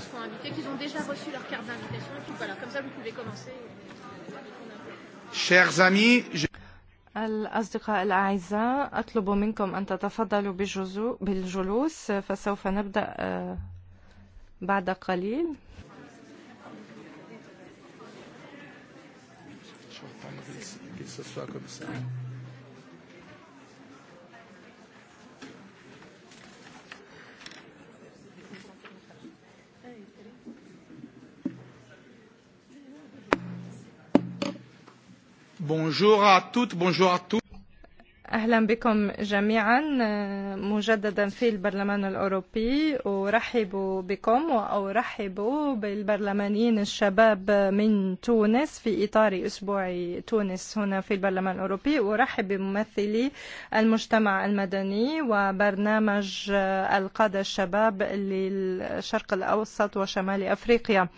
seront invités, qu'ils ont déjà reçu leur carte d'invitation. Et puis voilà, comme ça, vous pouvez commencer. Chers amis, je... الأصدقاء الأعزاء أطلب منكم أن تتفضلوا بالجلوس فسوف نبدأ بعد قليل Bonjour à toutes, bonjour à tous. اهلا بكم جميعا مجددا في البرلمان الأوروبي أرحب بكم وأرحب بالبرلمانيين الشباب من تونس في إطار أسبوع تونس هنا في البرلمان الأوروبي أرحب بممثلي المجتمع المدني وبرنامج القادة الشباب للشرق الأوسط وشمال أفريقيا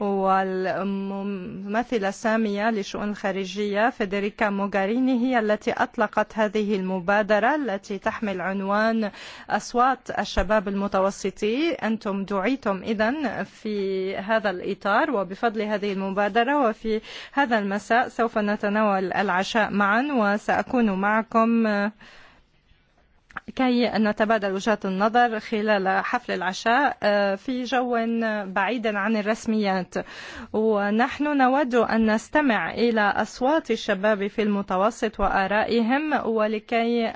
والممثلة السامية لشؤون الخارجية فيدريكا موغاريني هي التي أطلقت هذه هذه المبادرة التي تحمل عنوان أصوات الشباب المتوسطي أنتم دعيتم إذا في هذا الإطار وبفضل هذه المبادرة وفي هذا المساء سوف نتناول العشاء معا وسأكون معكم Uh, كي نتبادل وجهات النظر خلال حفل العشاء في جو بعيدا عن الرسميات ونحن نود أن نستمع إلى أصوات الشباب في المتوسط وآرائهم ولكي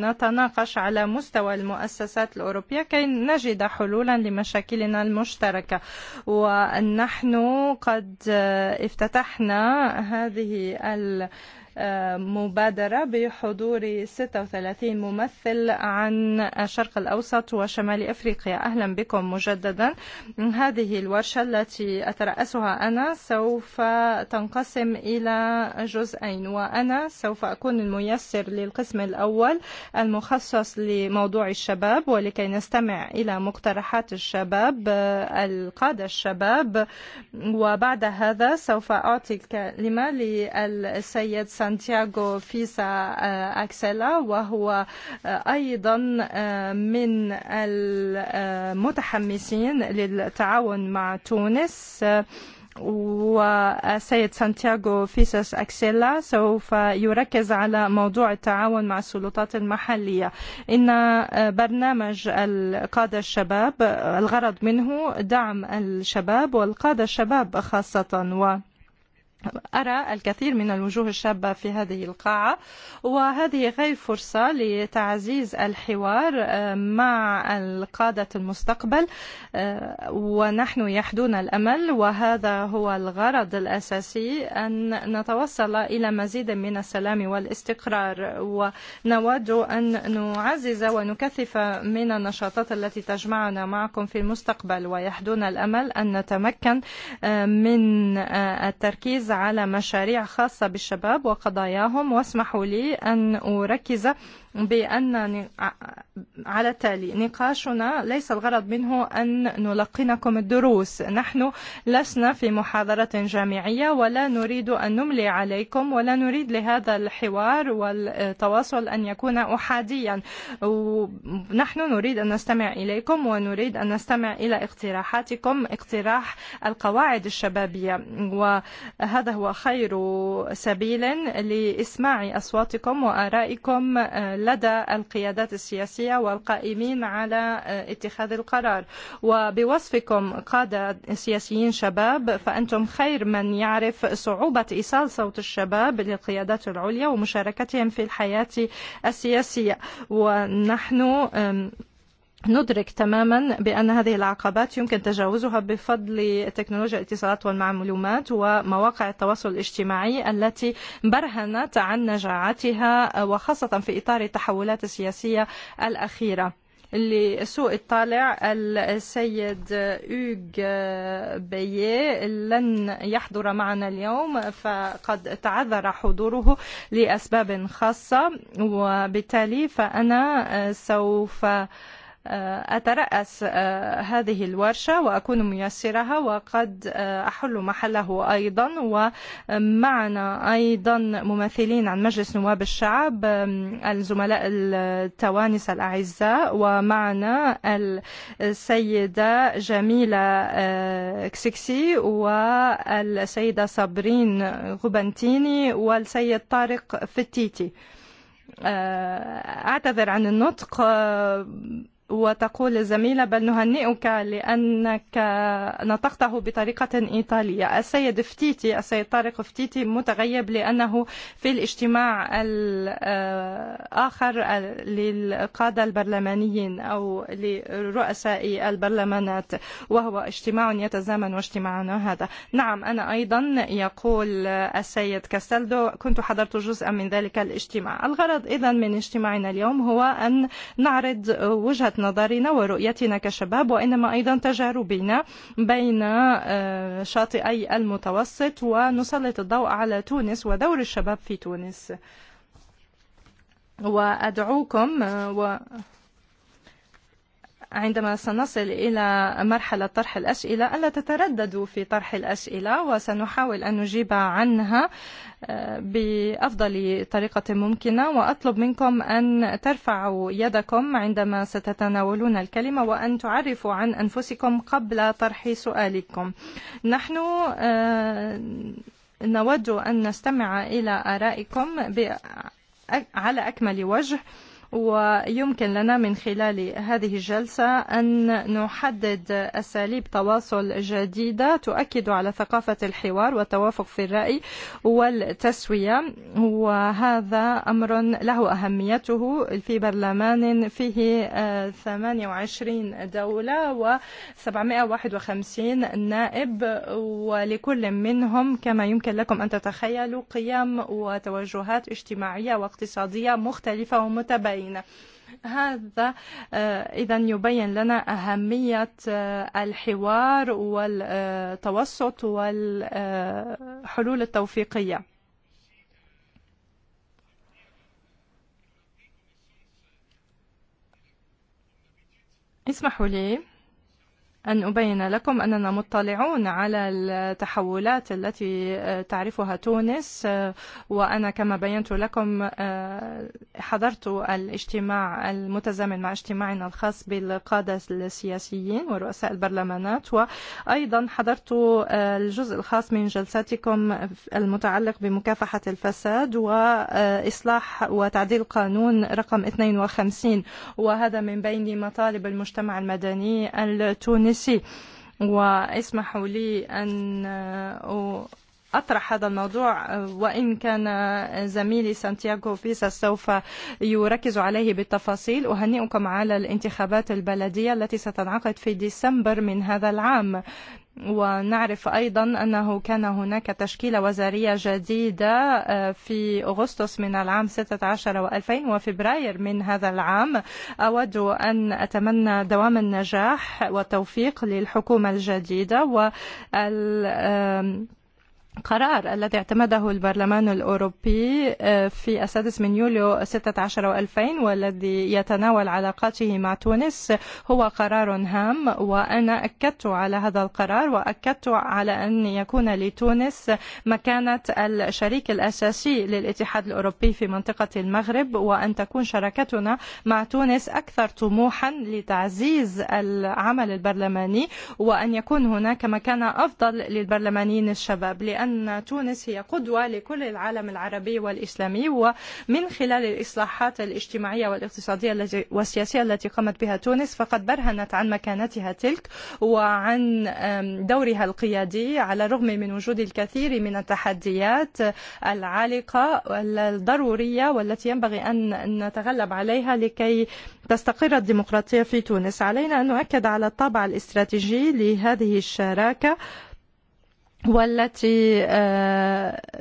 نتناقش على مستوى المؤسسات الأوروبية كي نجد حلولا لمشاكلنا المشتركة ونحن قد افتتحنا هذه ال مبادرة بحضور 36 ممثل عن الشرق الأوسط وشمال أفريقيا أهلا بكم مجددا هذه الورشة التي أترأسها أنا سوف تنقسم إلى جزئين وأنا سوف أكون الميسر للقسم الأول المخصص لموضوع الشباب ولكي نستمع إلى مقترحات الشباب القادة الشباب وبعد هذا سوف أعطي الكلمة للسيد سانتياغو فيسا أكسلا وهو أيضا من المتحمسين للتعاون مع تونس وسيد سانتياغو فيسس أكسيلا سوف يركز على موضوع التعاون مع السلطات المحلية إن برنامج القادة الشباب الغرض منه دعم الشباب والقادة الشباب خاصة و أرى الكثير من الوجوه الشابة في هذه القاعة وهذه غير فرصة لتعزيز الحوار مع القادة المستقبل ونحن يحدون الأمل وهذا هو الغرض الأساسي أن نتوصل إلى مزيد من السلام والاستقرار ونود أن نعزز ونكثف من النشاطات التي تجمعنا معكم في المستقبل ويحدون الأمل أن نتمكن من التركيز على مشاريع خاصة بالشباب وقضاياهم واسمحوا لي أن أركز بأن على التالي نقاشنا ليس الغرض منه أن نلقنكم الدروس نحن لسنا في محاضرة جامعية ولا نريد أن نملي عليكم ولا نريد لهذا الحوار والتواصل أن يكون أحاديا نحن نريد أن نستمع إليكم ونريد أن نستمع إلى اقتراحاتكم اقتراح القواعد الشبابية وهذا هو خير سبيل لإسماع أصواتكم وآرائكم لدى القيادات السياسية والقائمين على اتخاذ القرار وبوصفكم قادة سياسيين شباب فأنتم خير من يعرف صعوبة إيصال صوت الشباب للقيادات العليا ومشاركتهم في الحياة السياسية ونحن ندرك تماما بأن هذه العقبات يمكن تجاوزها بفضل تكنولوجيا الاتصالات والمعلومات ومواقع التواصل الاجتماعي التي برهنت عن نجاعتها وخاصة في إطار التحولات السياسية الأخيرة. لسوء الطالع السيد أوغ بيي لن يحضر معنا اليوم فقد تعذر حضوره لأسباب خاصة وبالتالي فأنا سوف أ أترأس هذه الورشة وأكون ميسرها وقد أحل محله أيضا ومعنا أيضا ممثلين عن مجلس نواب الشعب الزملاء التوانس الأعزاء ومعنا السيدة جميلة كسكسي والسيدة صابرين غبنتيني والسيد طارق فتيتي أعتذر عن النطق وتقول الزميلة بل نهنئك لأنك نطقته بطريقة إيطالية السيد فتيتي السيد طارق فتيتي متغيب لأنه في الاجتماع الآخر للقادة البرلمانيين أو لرؤساء البرلمانات وهو اجتماع يتزامن واجتماعنا هذا نعم أنا أيضا يقول السيد كاستلدو كنت حضرت جزءا من ذلك الاجتماع الغرض إذن من اجتماعنا اليوم هو أن نعرض وجهة نظرنا ورؤيتنا كشباب وإنما أيضا تجاربنا بين شاطئي المتوسط ونسلط الضوء على تونس ودور الشباب في تونس وأدعوكم و عندما سنصل إلى مرحلة طرح الأسئلة ألا تترددوا في طرح الأسئلة وسنحاول أن نجيب عنها بأفضل طريقة ممكنة وأطلب منكم أن ترفعوا يدكم عندما ستتناولون الكلمة وأن تعرفوا عن أنفسكم قبل طرح سؤالكم نحن نود أن نستمع إلى آرائكم على أكمل وجه ويمكن لنا من خلال هذه الجلسة أن نحدد أساليب تواصل جديدة تؤكد على ثقافة الحوار والتوافق في الرأي والتسوية وهذا أمر له أهميته في برلمان فيه 28 دولة و 751 نائب ولكل منهم كما يمكن لكم أن تتخيلوا قيم وتوجهات اجتماعية واقتصادية مختلفة ومتباينة علينا هذا إذا يبين لنا أهمية الحوار والتوسط والحلول التوفيقية اسمحوا لي أن أبين لكم أننا مطلعون على التحولات التي تعرفها تونس وأنا كما بينت لكم حضرت الاجتماع المتزامن مع اجتماعنا الخاص بالقادة السياسيين ورؤساء البرلمانات وأيضا حضرت الجزء الخاص من جلساتكم المتعلق بمكافحة الفساد وإصلاح وتعديل قانون رقم 52 وهذا من بين مطالب المجتمع المدني التونسي التونسي واسمحوا لي أن أطرح هذا الموضوع وإن كان زميلي سانتياغو فيسا سوف يركز عليه بالتفاصيل أهنئكم على الانتخابات البلدية التي ستنعقد في ديسمبر من هذا العام ونعرف أيضا أنه كان هناك تشكيلة وزارية جديدة في أغسطس من العام 16 و2000 وفبراير من هذا العام أود أن أتمنى دوام النجاح والتوفيق للحكومة الجديدة وال قرار الذي اعتمده البرلمان الأوروبي في السادس من يوليو 16 و2000 والذي يتناول علاقاته مع تونس هو قرار هام وأنا أكدت على هذا القرار وأكدت على أن يكون لتونس مكانة الشريك الأساسي للاتحاد الأوروبي في منطقة المغرب وأن تكون شراكتنا مع تونس أكثر طموحا لتعزيز العمل البرلماني وأن يكون هناك مكانة أفضل للبرلمانيين الشباب لأن بأن تونس هي قدوة لكل العالم العربي والإسلامي ومن خلال الإصلاحات الاجتماعية والاقتصادية والسياسية التي قامت بها تونس فقد برهنت عن مكانتها تلك وعن دورها القيادي على الرغم من وجود الكثير من التحديات العالقة الضرورية والتي ينبغي أن نتغلب عليها لكي تستقر الديمقراطية في تونس علينا أن نؤكد على الطابع الاستراتيجي لهذه الشراكة والتي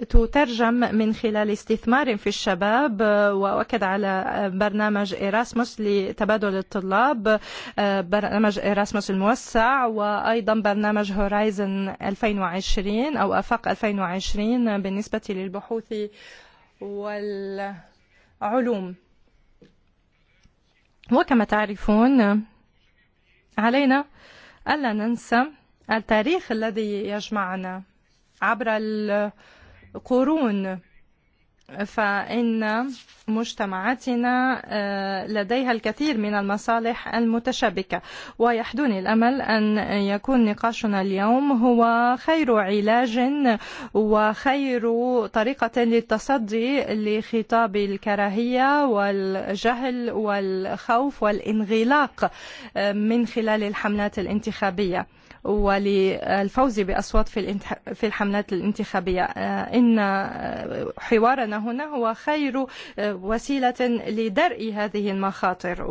تترجم من خلال استثمار في الشباب وأكد على برنامج إراسموس لتبادل الطلاب برنامج إراسموس الموسع وأيضا برنامج هورايزن 2020 أو أفاق 2020 بالنسبة للبحوث والعلوم وكما تعرفون علينا ألا ننسى التاريخ الذي يجمعنا عبر القرون فإن مجتمعاتنا لديها الكثير من المصالح المتشابكة ويحدوني الأمل أن يكون نقاشنا اليوم هو خير علاج وخير طريقة للتصدي لخطاب الكراهية والجهل والخوف والانغلاق من خلال الحملات الانتخابية. وللفوز بأصوات في في الحملات الانتخابية إن حوارنا هنا هو خير وسيلة لدرء هذه المخاطر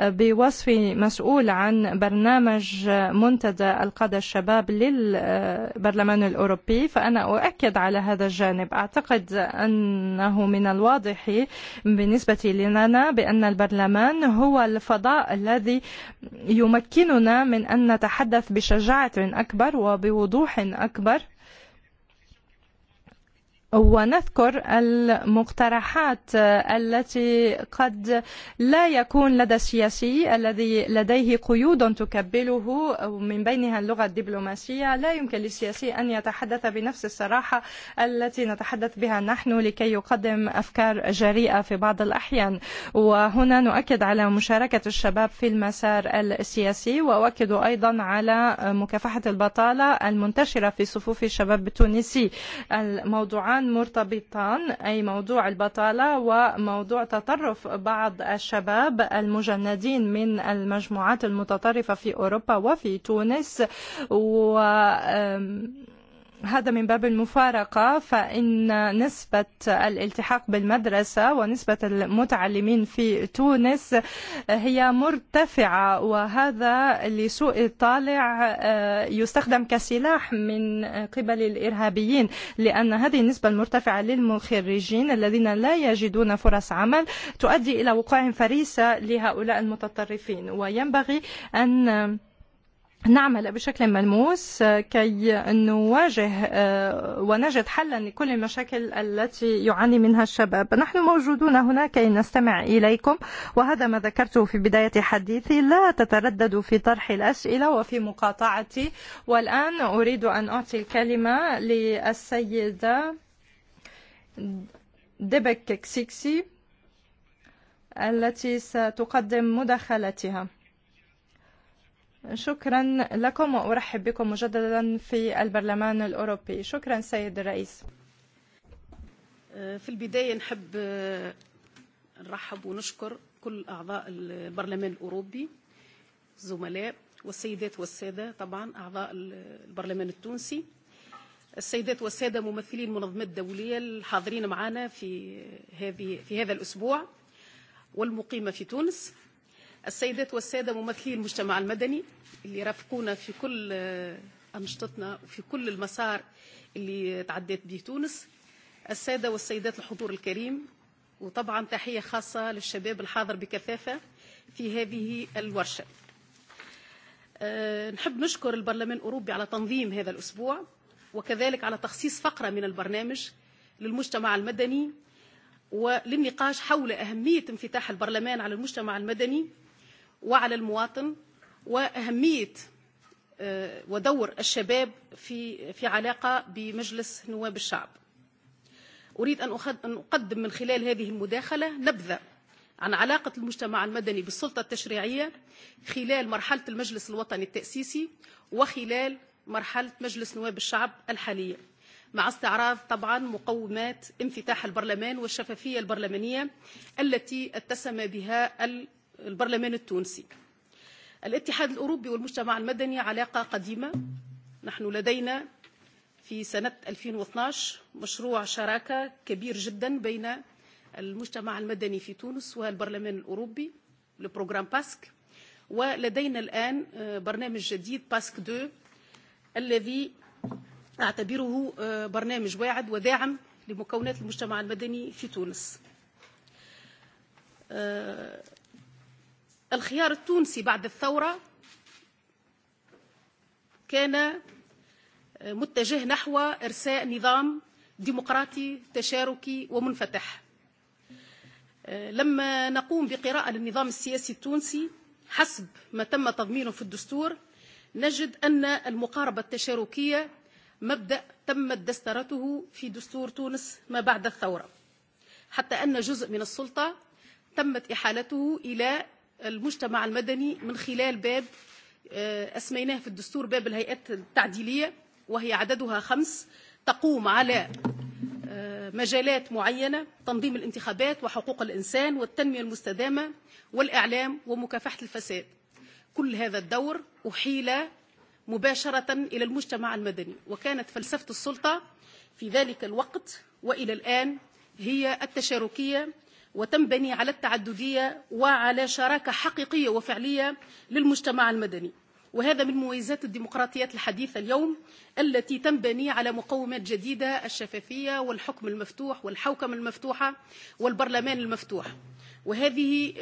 وبوصفي مسؤول عن برنامج منتدى القادة الشباب للبرلمان الأوروبي فأنا أؤكد على هذا الجانب أعتقد أنه من الواضح بالنسبة لنا بأن البرلمان هو الفضاء الذي يمكننا من أن نتحدث بشجاعة أكبر وبوضوح أكبر ونذكر المقترحات التي قد لا يكون لدى السياسي الذي لديه قيود تكبله من بينها اللغة الدبلوماسية لا يمكن للسياسي أن يتحدث بنفس الصراحة التي نتحدث بها نحن لكي يقدم أفكار جريئة في بعض الأحيان وهنا نؤكد على مشاركة الشباب في المسار السياسي وأؤكد أيضا على مكافحة البطالة المنتشرة في صفوف الشباب التونسي الموضوعان كمان مرتبطان أي موضوع البطالة وموضوع تطرف بعض الشباب المجندين من المجموعات المتطرفة في أوروبا وفي تونس و هذا من باب المفارقة فإن نسبة الالتحاق بالمدرسة ونسبة المتعلمين في تونس هي مرتفعة وهذا لسوء الطالع يستخدم كسلاح من قبل الإرهابيين لأن هذه النسبة المرتفعة للمخرجين الذين لا يجدون فرص عمل تؤدي إلى وقوع فريسة لهؤلاء المتطرفين وينبغي أن نعمل بشكل ملموس كي نواجه ونجد حلا لكل المشاكل التي يعاني منها الشباب نحن موجودون هنا كي نستمع إليكم وهذا ما ذكرته في بداية حديثي لا تترددوا في طرح الأسئلة وفي مقاطعتي والآن أريد أن أعطي الكلمة للسيدة دبك كسيكسي التي ستقدم مداخلتها شكرا لكم وأرحب بكم مجددا في البرلمان الأوروبي شكرا سيد الرئيس في البداية نحب نرحب ونشكر كل أعضاء البرلمان الأوروبي الزملاء والسيدات والسادة طبعا أعضاء البرلمان التونسي السيدات والسادة ممثلين المنظمات الدولية الحاضرين معنا في, هذه في هذا الأسبوع والمقيمة في تونس السيدات والسادة ممثلي المجتمع المدني اللي رافقونا في كل أنشطتنا وفي كل المسار اللي تعديت به تونس السادة والسيدات الحضور الكريم وطبعا تحية خاصة للشباب الحاضر بكثافة في هذه الورشة نحب نشكر البرلمان الأوروبي على تنظيم هذا الأسبوع وكذلك على تخصيص فقرة من البرنامج للمجتمع المدني وللنقاش حول أهمية انفتاح البرلمان على المجتمع المدني وعلى المواطن وأهمية ودور الشباب في في علاقة بمجلس نواب الشعب أريد أن أقدم من خلال هذه المداخلة نبذة عن علاقة المجتمع المدني بالسلطة التشريعية خلال مرحلة المجلس الوطني التأسيسي وخلال مرحلة مجلس نواب الشعب الحالية مع استعراض طبعا مقومات انفتاح البرلمان والشفافية البرلمانية التي اتسم بها البرلمان التونسي الاتحاد الأوروبي والمجتمع المدني علاقة قديمة نحن لدينا في سنة 2012 مشروع شراكة كبير جدا بين المجتمع المدني في تونس والبرلمان الأوروبي لبروغرام باسك ولدينا الآن برنامج جديد باسك 2 الذي أعتبره برنامج واعد وداعم لمكونات المجتمع المدني في تونس الخيار التونسي بعد الثورة كان متجه نحو إرساء نظام ديمقراطي تشاركي ومنفتح لما نقوم بقراءة للنظام السياسي التونسي حسب ما تم تضمينه في الدستور نجد أن المقاربة التشاركية مبدأ تمت دسترته في دستور تونس ما بعد الثورة حتى أن جزء من السلطة تمت إحالته إلى المجتمع المدني من خلال باب أسميناه في الدستور باب الهيئات التعديلية وهي عددها خمس تقوم على مجالات معينة تنظيم الانتخابات وحقوق الإنسان والتنمية المستدامة والإعلام ومكافحة الفساد كل هذا الدور أحيل مباشرة إلى المجتمع المدني وكانت فلسفة السلطة في ذلك الوقت وإلى الآن هي التشاركية وتنبني على التعددية وعلى شراكة حقيقية وفعلية للمجتمع المدني وهذا من مميزات الديمقراطيات الحديثة اليوم التي تنبني على مقومات جديدة الشفافية والحكم المفتوح والحوكم المفتوحة والبرلمان المفتوح وهذه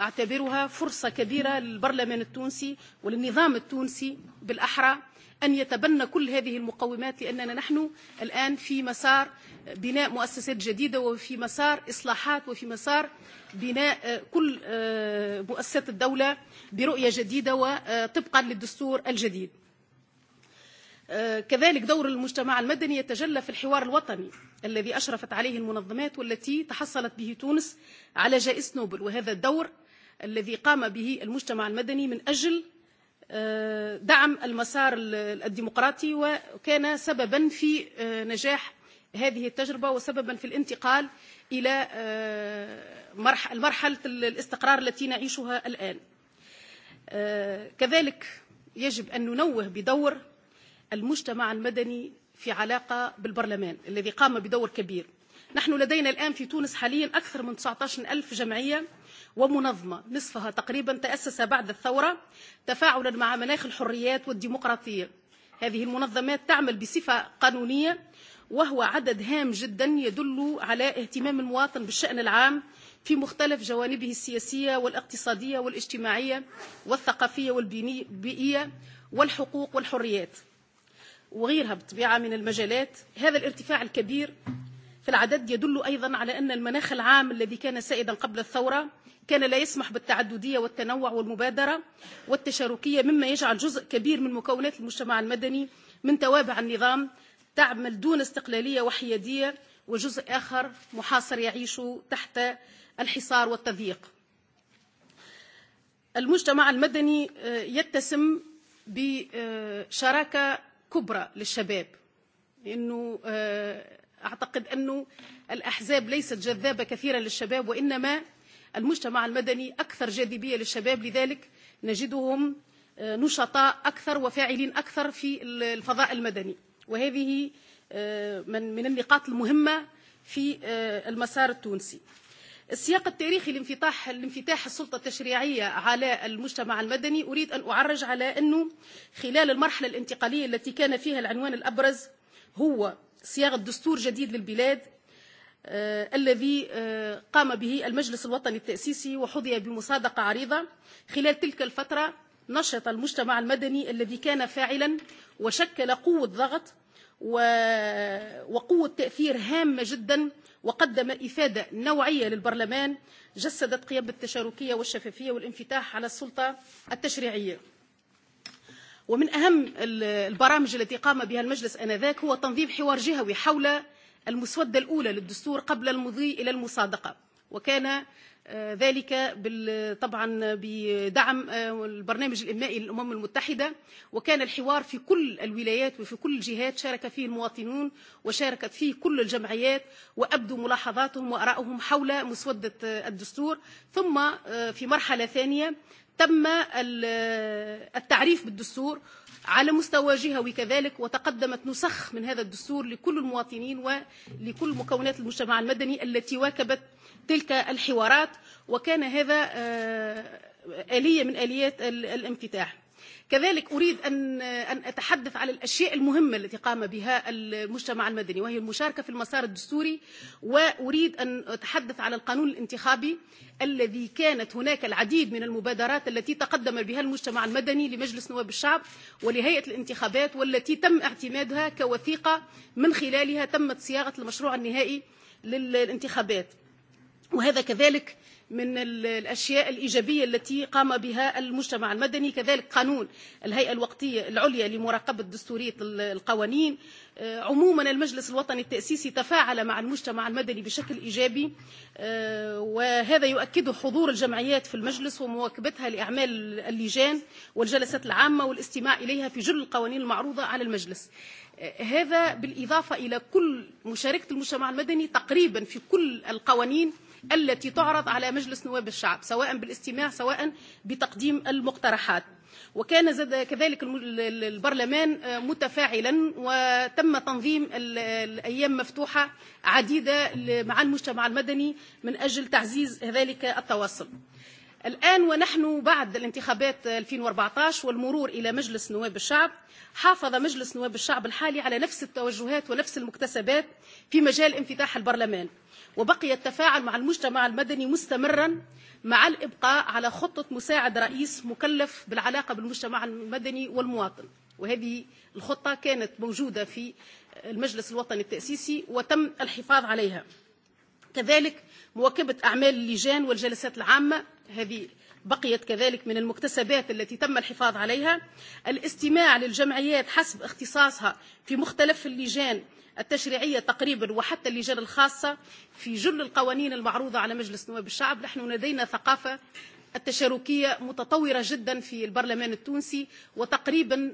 اعتبرها فرصة كبيرة للبرلمان التونسي وللنظام التونسي بالأحرى أن يتبنى كل هذه المقومات لأننا نحن الآن في مسار بناء مؤسسات جديدة وفي مسار إصلاحات وفي مسار بناء كل مؤسسات الدولة برؤية جديدة وطبقا للدستور الجديد كذلك دور المجتمع المدني يتجلى في الحوار الوطني الذي أشرفت عليه المنظمات والتي تحصلت به تونس على جائزة نوبل وهذا الدور الذي قام به المجتمع المدني من أجل دعم المسار الديمقراطي وكان سببا في نجاح هذه التجربة وسببا في الانتقال إلى مرحلة الاستقرار التي نعيشها الآن كذلك يجب أن ننوه بدور المجتمع المدني في علاقة بالبرلمان الذي قام بدور كبير نحن لدينا الآن في تونس حاليا أكثر من 19 ألف جمعية ومنظمة نصفها تقريبا تأسس بعد الثورة تفاعلا مع مناخ الحريات والديمقراطية هذه المنظمات تعمل بصفة قانونية وهو عدد هام جدا يدل على اهتمام المواطن بالشأن العام في مختلف جوانبه السياسية والاقتصادية والاجتماعية والثقافية والبيئية والحقوق والحريات وغيرها بطبيعة من المجالات هذا الارتفاع الكبير في العدد يدل أيضا على أن المناخ العام الذي كان سائدا قبل الثورة كان لا يسمح بالتعددية والتنوع والمبادرة والتشاركية مما يجعل جزء كبير من مكونات المجتمع المدني من توابع النظام تعمل دون استقلالية وحيادية وجزء آخر محاصر يعيش تحت الحصار والتضييق المجتمع المدني يتسم بشراكة كبرى للشباب لأنه أعتقد أنه الأحزاب ليست جذابة كثيرا للشباب وإنما المجتمع المدني أكثر جاذبية للشباب لذلك نجدهم نشطاء أكثر وفاعلين أكثر في الفضاء المدني وهذه من من النقاط المهمة في المسار التونسي السياق التاريخي لانفتاح لانفتاح السلطة التشريعية على المجتمع المدني أريد أن أعرج على أنه خلال المرحلة الانتقالية التي كان فيها العنوان الأبرز هو صياغة دستور جديد للبلاد الذي قام به المجلس الوطني التأسيسي وحظي بمصادقة عريضة خلال تلك الفترة نشط المجتمع المدني الذي كان فاعلا وشكل قوة ضغط وقوة تأثير هامة جدا وقدم إفادة نوعية للبرلمان جسدت قيم التشاركية والشفافية والانفتاح على السلطة التشريعية ومن أهم البرامج التي قام بها المجلس أنذاك هو تنظيم حوار جهوي حول المسودة الأولى للدستور قبل المضي إلى المصادقة وكان ذلك طبعا بدعم البرنامج الإمائي للأمم المتحدة وكان الحوار في كل الولايات وفي كل الجهات شارك فيه المواطنون وشاركت فيه كل الجمعيات وأبدوا ملاحظاتهم وأراءهم حول مسودة الدستور ثم في مرحلة ثانية تم التعريف بالدستور على مستوى جهوي كذلك وتقدمت نسخ من هذا الدستور لكل المواطنين ولكل مكونات المجتمع المدني التي واكبت تلك الحوارات وكان هذا آلية من آليات الانفتاح كذلك أريد أن أن أتحدث على الأشياء المهمة التي قام بها المجتمع المدني وهي المشاركة في المسار الدستوري وأريد أن أتحدث على القانون الانتخابي الذي كانت هناك العديد من المبادرات التي تقدم بها المجتمع المدني لمجلس نواب الشعب ولهيئة الانتخابات والتي تم اعتمادها كوثيقة من خلالها تمت صياغة المشروع النهائي للانتخابات وهذا كذلك من الأشياء الإيجابية التي قام بها المجتمع المدني كذلك قانون الهيئة الوقتية العليا لمراقبة دستورية القوانين عموما المجلس الوطني التأسيسي تفاعل مع المجتمع المدني بشكل إيجابي وهذا يؤكد حضور الجمعيات في المجلس ومواكبتها لأعمال اللجان والجلسات العامة والاستماع إليها في جل القوانين المعروضة على المجلس هذا بالإضافة إلى كل مشاركة المجتمع المدني تقريبا في كل القوانين التي تعرض على مجلس نواب الشعب سواء بالاستماع سواء بتقديم المقترحات وكان زاد كذلك البرلمان متفاعلا وتم تنظيم الأيام مفتوحة عديدة مع المجتمع المدني من أجل تعزيز ذلك التواصل الآن ونحن بعد الانتخابات 2014 والمرور إلى مجلس نواب الشعب حافظ مجلس نواب الشعب الحالي على نفس التوجهات ونفس المكتسبات في مجال انفتاح البرلمان وبقي التفاعل مع المجتمع المدني مستمرا مع الإبقاء على خطة مساعد رئيس مكلف بالعلاقة بالمجتمع المدني والمواطن وهذه الخطة كانت موجودة في المجلس الوطني التأسيسي وتم الحفاظ عليها كذلك مواكبة أعمال اللجان والجلسات العامة هذه بقيت كذلك من المكتسبات التي تم الحفاظ عليها الاستماع للجمعيات حسب اختصاصها في مختلف اللجان التشريعية تقريبا وحتى اللجان الخاصة في جل القوانين المعروضة على مجلس نواب الشعب نحن لدينا ثقافة التشاركية متطورة جدا في البرلمان التونسي وتقريبا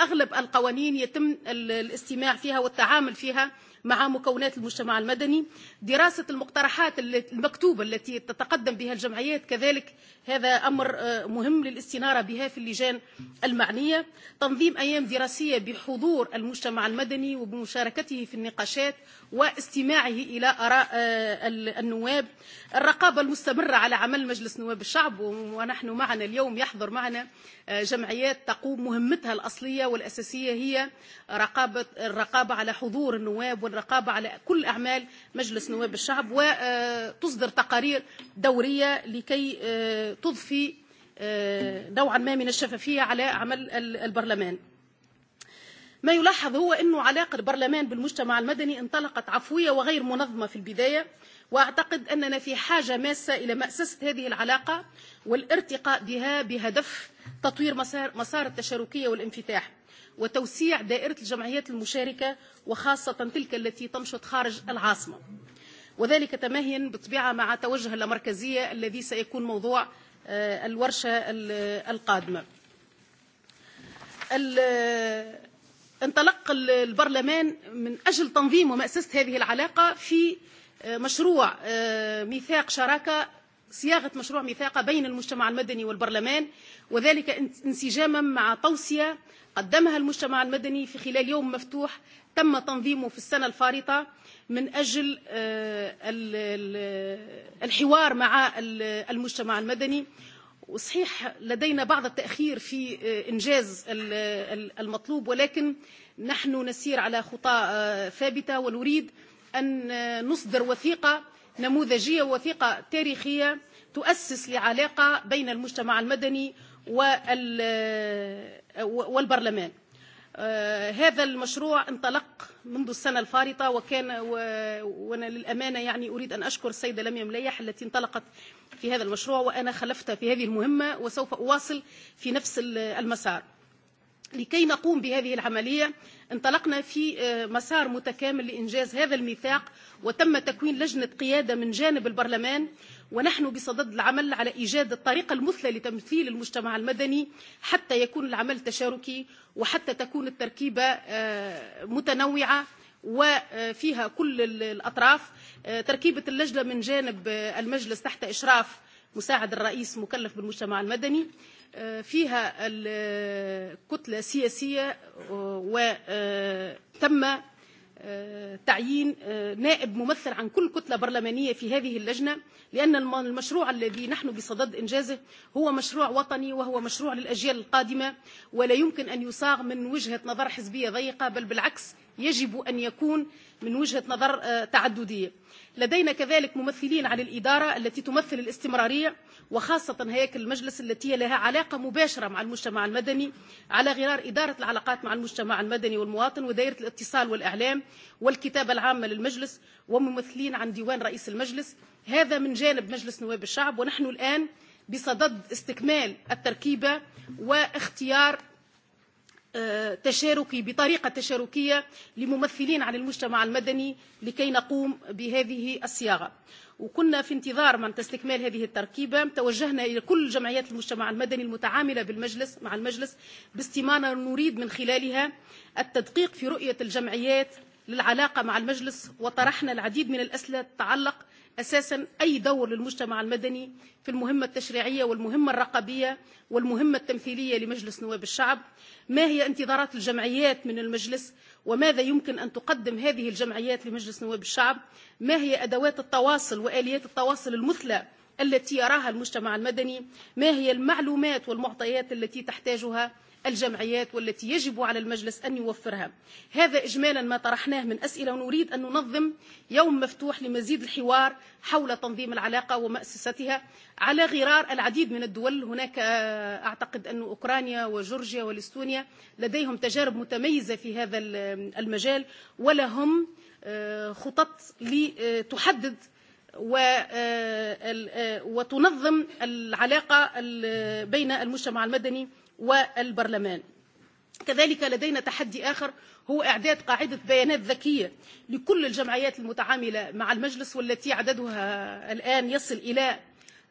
أغلب القوانين يتم الاستماع فيها والتعامل فيها مع مكونات المجتمع المدني دراسة المقترحات المكتوبة التي تتقدم بها الجمعيات كذلك هذا أمر مهم للاستنارة بها في اللجان المعنية تنظيم أيام دراسية بحضور المجتمع المدني وبمشاركته في النقاشات واستماعه إلى أراء النواب الرقابة المستمرة على عمل مجلس نواب الشعب ونحن معنا اليوم يحضر معنا جمعيات تقوم مهمتها الأصلية والأساسية هي رقابة الرقابة على حضور النواب والرقابة على كل أعمال مجلس نواب الشعب وتصدر تقارير دورية لكي تضفي نوعا ما من الشفافية على عمل البرلمان ما يلاحظ هو أن علاقة البرلمان بالمجتمع المدني انطلقت عفوية وغير منظمة في البداية وأعتقد أننا في حاجة ماسة إلى مأسسة هذه العلاقة والارتقاء بها بهدف تطوير مسار التشاركية والانفتاح وتوسيع دائرة الجمعيات المشاركة وخاصة تلك التي تنشط خارج العاصمة وذلك تماهيا بطبيعة مع توجه المركزية الذي سيكون موضوع الورشة القادمة انطلق البرلمان من أجل تنظيم ومأسست هذه العلاقة في مشروع ميثاق شراكة صياغة مشروع ميثاق بين المجتمع المدني والبرلمان وذلك انسجاما مع توصية قدمها المجتمع المدني في خلال يوم مفتوح تم تنظيمه في السنة الفارطة من أجل الحوار مع المجتمع المدني وصحيح لدينا بعض التأخير في إنجاز المطلوب ولكن نحن نسير على خطى ثابتة ونريد أن نصدر وثيقة نموذجية وثيقة تاريخية تؤسس لعلاقة بين المجتمع المدني والبرلمان هذا المشروع انطلق منذ السنة الفارطة وكان وأنا للأمانة يعني أريد أن أشكر السيدة لم يمليح التي انطلقت في هذا المشروع وأنا خلفت في هذه المهمة وسوف أواصل في نفس المسار لكي نقوم بهذه العملية انطلقنا في مسار متكامل لإنجاز هذا الميثاق وتم تكوين لجنة قيادة من جانب البرلمان ونحن بصدد العمل على إيجاد الطريقة المثلى لتمثيل المجتمع المدني حتى يكون العمل تشاركي وحتى تكون التركيبة متنوعة وفيها كل الأطراف تركيبة اللجنة من جانب المجلس تحت إشراف مساعد الرئيس مكلف بالمجتمع المدني فيها الكتلة السياسية وتم تعيين نائب ممثل عن كل كتلة برلمانية في هذه اللجنة لأن المشروع الذي نحن بصدد إنجازه هو مشروع وطني وهو مشروع للأجيال القادمة ولا يمكن أن يصاغ من وجهة نظر حزبية ضيقة بل بالعكس يجب أن يكون من وجهة نظر تعددية لدينا كذلك ممثلين على الإدارة التي تمثل الاستمرارية وخاصة هياكل المجلس التي لها علاقة مباشرة مع المجتمع المدني على غرار إدارة العلاقات مع المجتمع المدني والمواطن ودائرة الاتصال والإعلام والكتابة العامة للمجلس وممثلين عن ديوان رئيس المجلس هذا من جانب مجلس نواب الشعب ونحن الآن بصدد استكمال التركيبة واختيار تشاركي بطريقة تشاركية لممثلين عن المجتمع المدني لكي نقوم بهذه الصياغة وكنا في انتظار من تستكمال هذه التركيبة توجهنا إلى كل جمعيات المجتمع المدني المتعاملة بالمجلس مع المجلس باستمانة نريد من خلالها التدقيق في رؤية الجمعيات للعلاقة مع المجلس وطرحنا العديد من الأسئلة تتعلق أساسا أي دور للمجتمع المدني في المهمة التشريعية والمهمة الرقابية والمهمة التمثيلية لمجلس نواب الشعب ما هي انتظارات الجمعيات من المجلس وماذا يمكن أن تقدم هذه الجمعيات لمجلس نواب الشعب ما هي أدوات التواصل وآليات التواصل المثلى التي يراها المجتمع المدني ما هي المعلومات والمعطيات التي تحتاجها الجمعيات والتي يجب على المجلس أن يوفرها هذا إجمالا ما طرحناه من أسئلة ونريد أن ننظم يوم مفتوح لمزيد الحوار حول تنظيم العلاقة ومأسستها على غرار العديد من الدول هناك أعتقد أن أوكرانيا وجورجيا والإستونيا لديهم تجارب متميزة في هذا المجال ولهم خطط لتحدد وتنظم العلاقة بين المجتمع المدني والبرلمان كذلك لدينا تحدي آخر هو إعداد قاعدة بيانات ذكية لكل الجمعيات المتعاملة مع المجلس والتي عددها الآن يصل إلى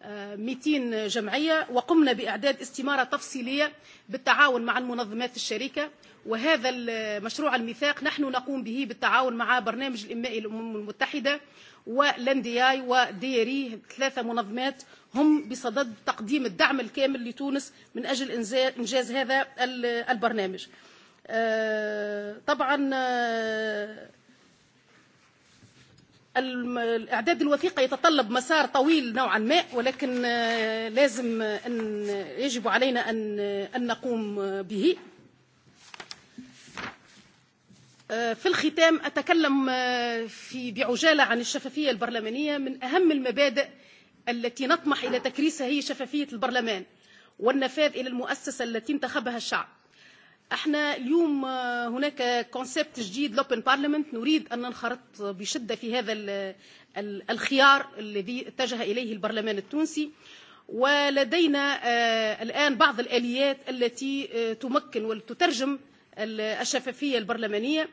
200 جمعية وقمنا بإعداد استمارة تفصيلية بالتعاون مع المنظمات الشركة وهذا المشروع الميثاق نحن نقوم به بالتعاون مع برنامج الإماء للأمم المتحدة والان دي اي وديري ثلاثة منظمات هم بصدد تقديم الدعم الكامل لتونس من أجل إنجاز هذا البرنامج طبعا الإعداد الوثيقة يتطلب مسار طويل نوعا ما ولكن لازم أن يجب علينا أن نقوم به في الختام أتكلم في بعجالة عن الشفافية البرلمانية من أهم المبادئ التي نطمح إلى تكريسها هي شفافية البرلمان والنفاذ إلى المؤسسة التي انتخبها الشعب احنا اليوم هناك كونسبت جديد لوبن بارلمنت نريد ان ننخرط بشده في هذا الخيار الذي اتجه اليه البرلمان التونسي ولدينا الان بعض الاليات التي تمكن وتترجم الشفافية البرلمانية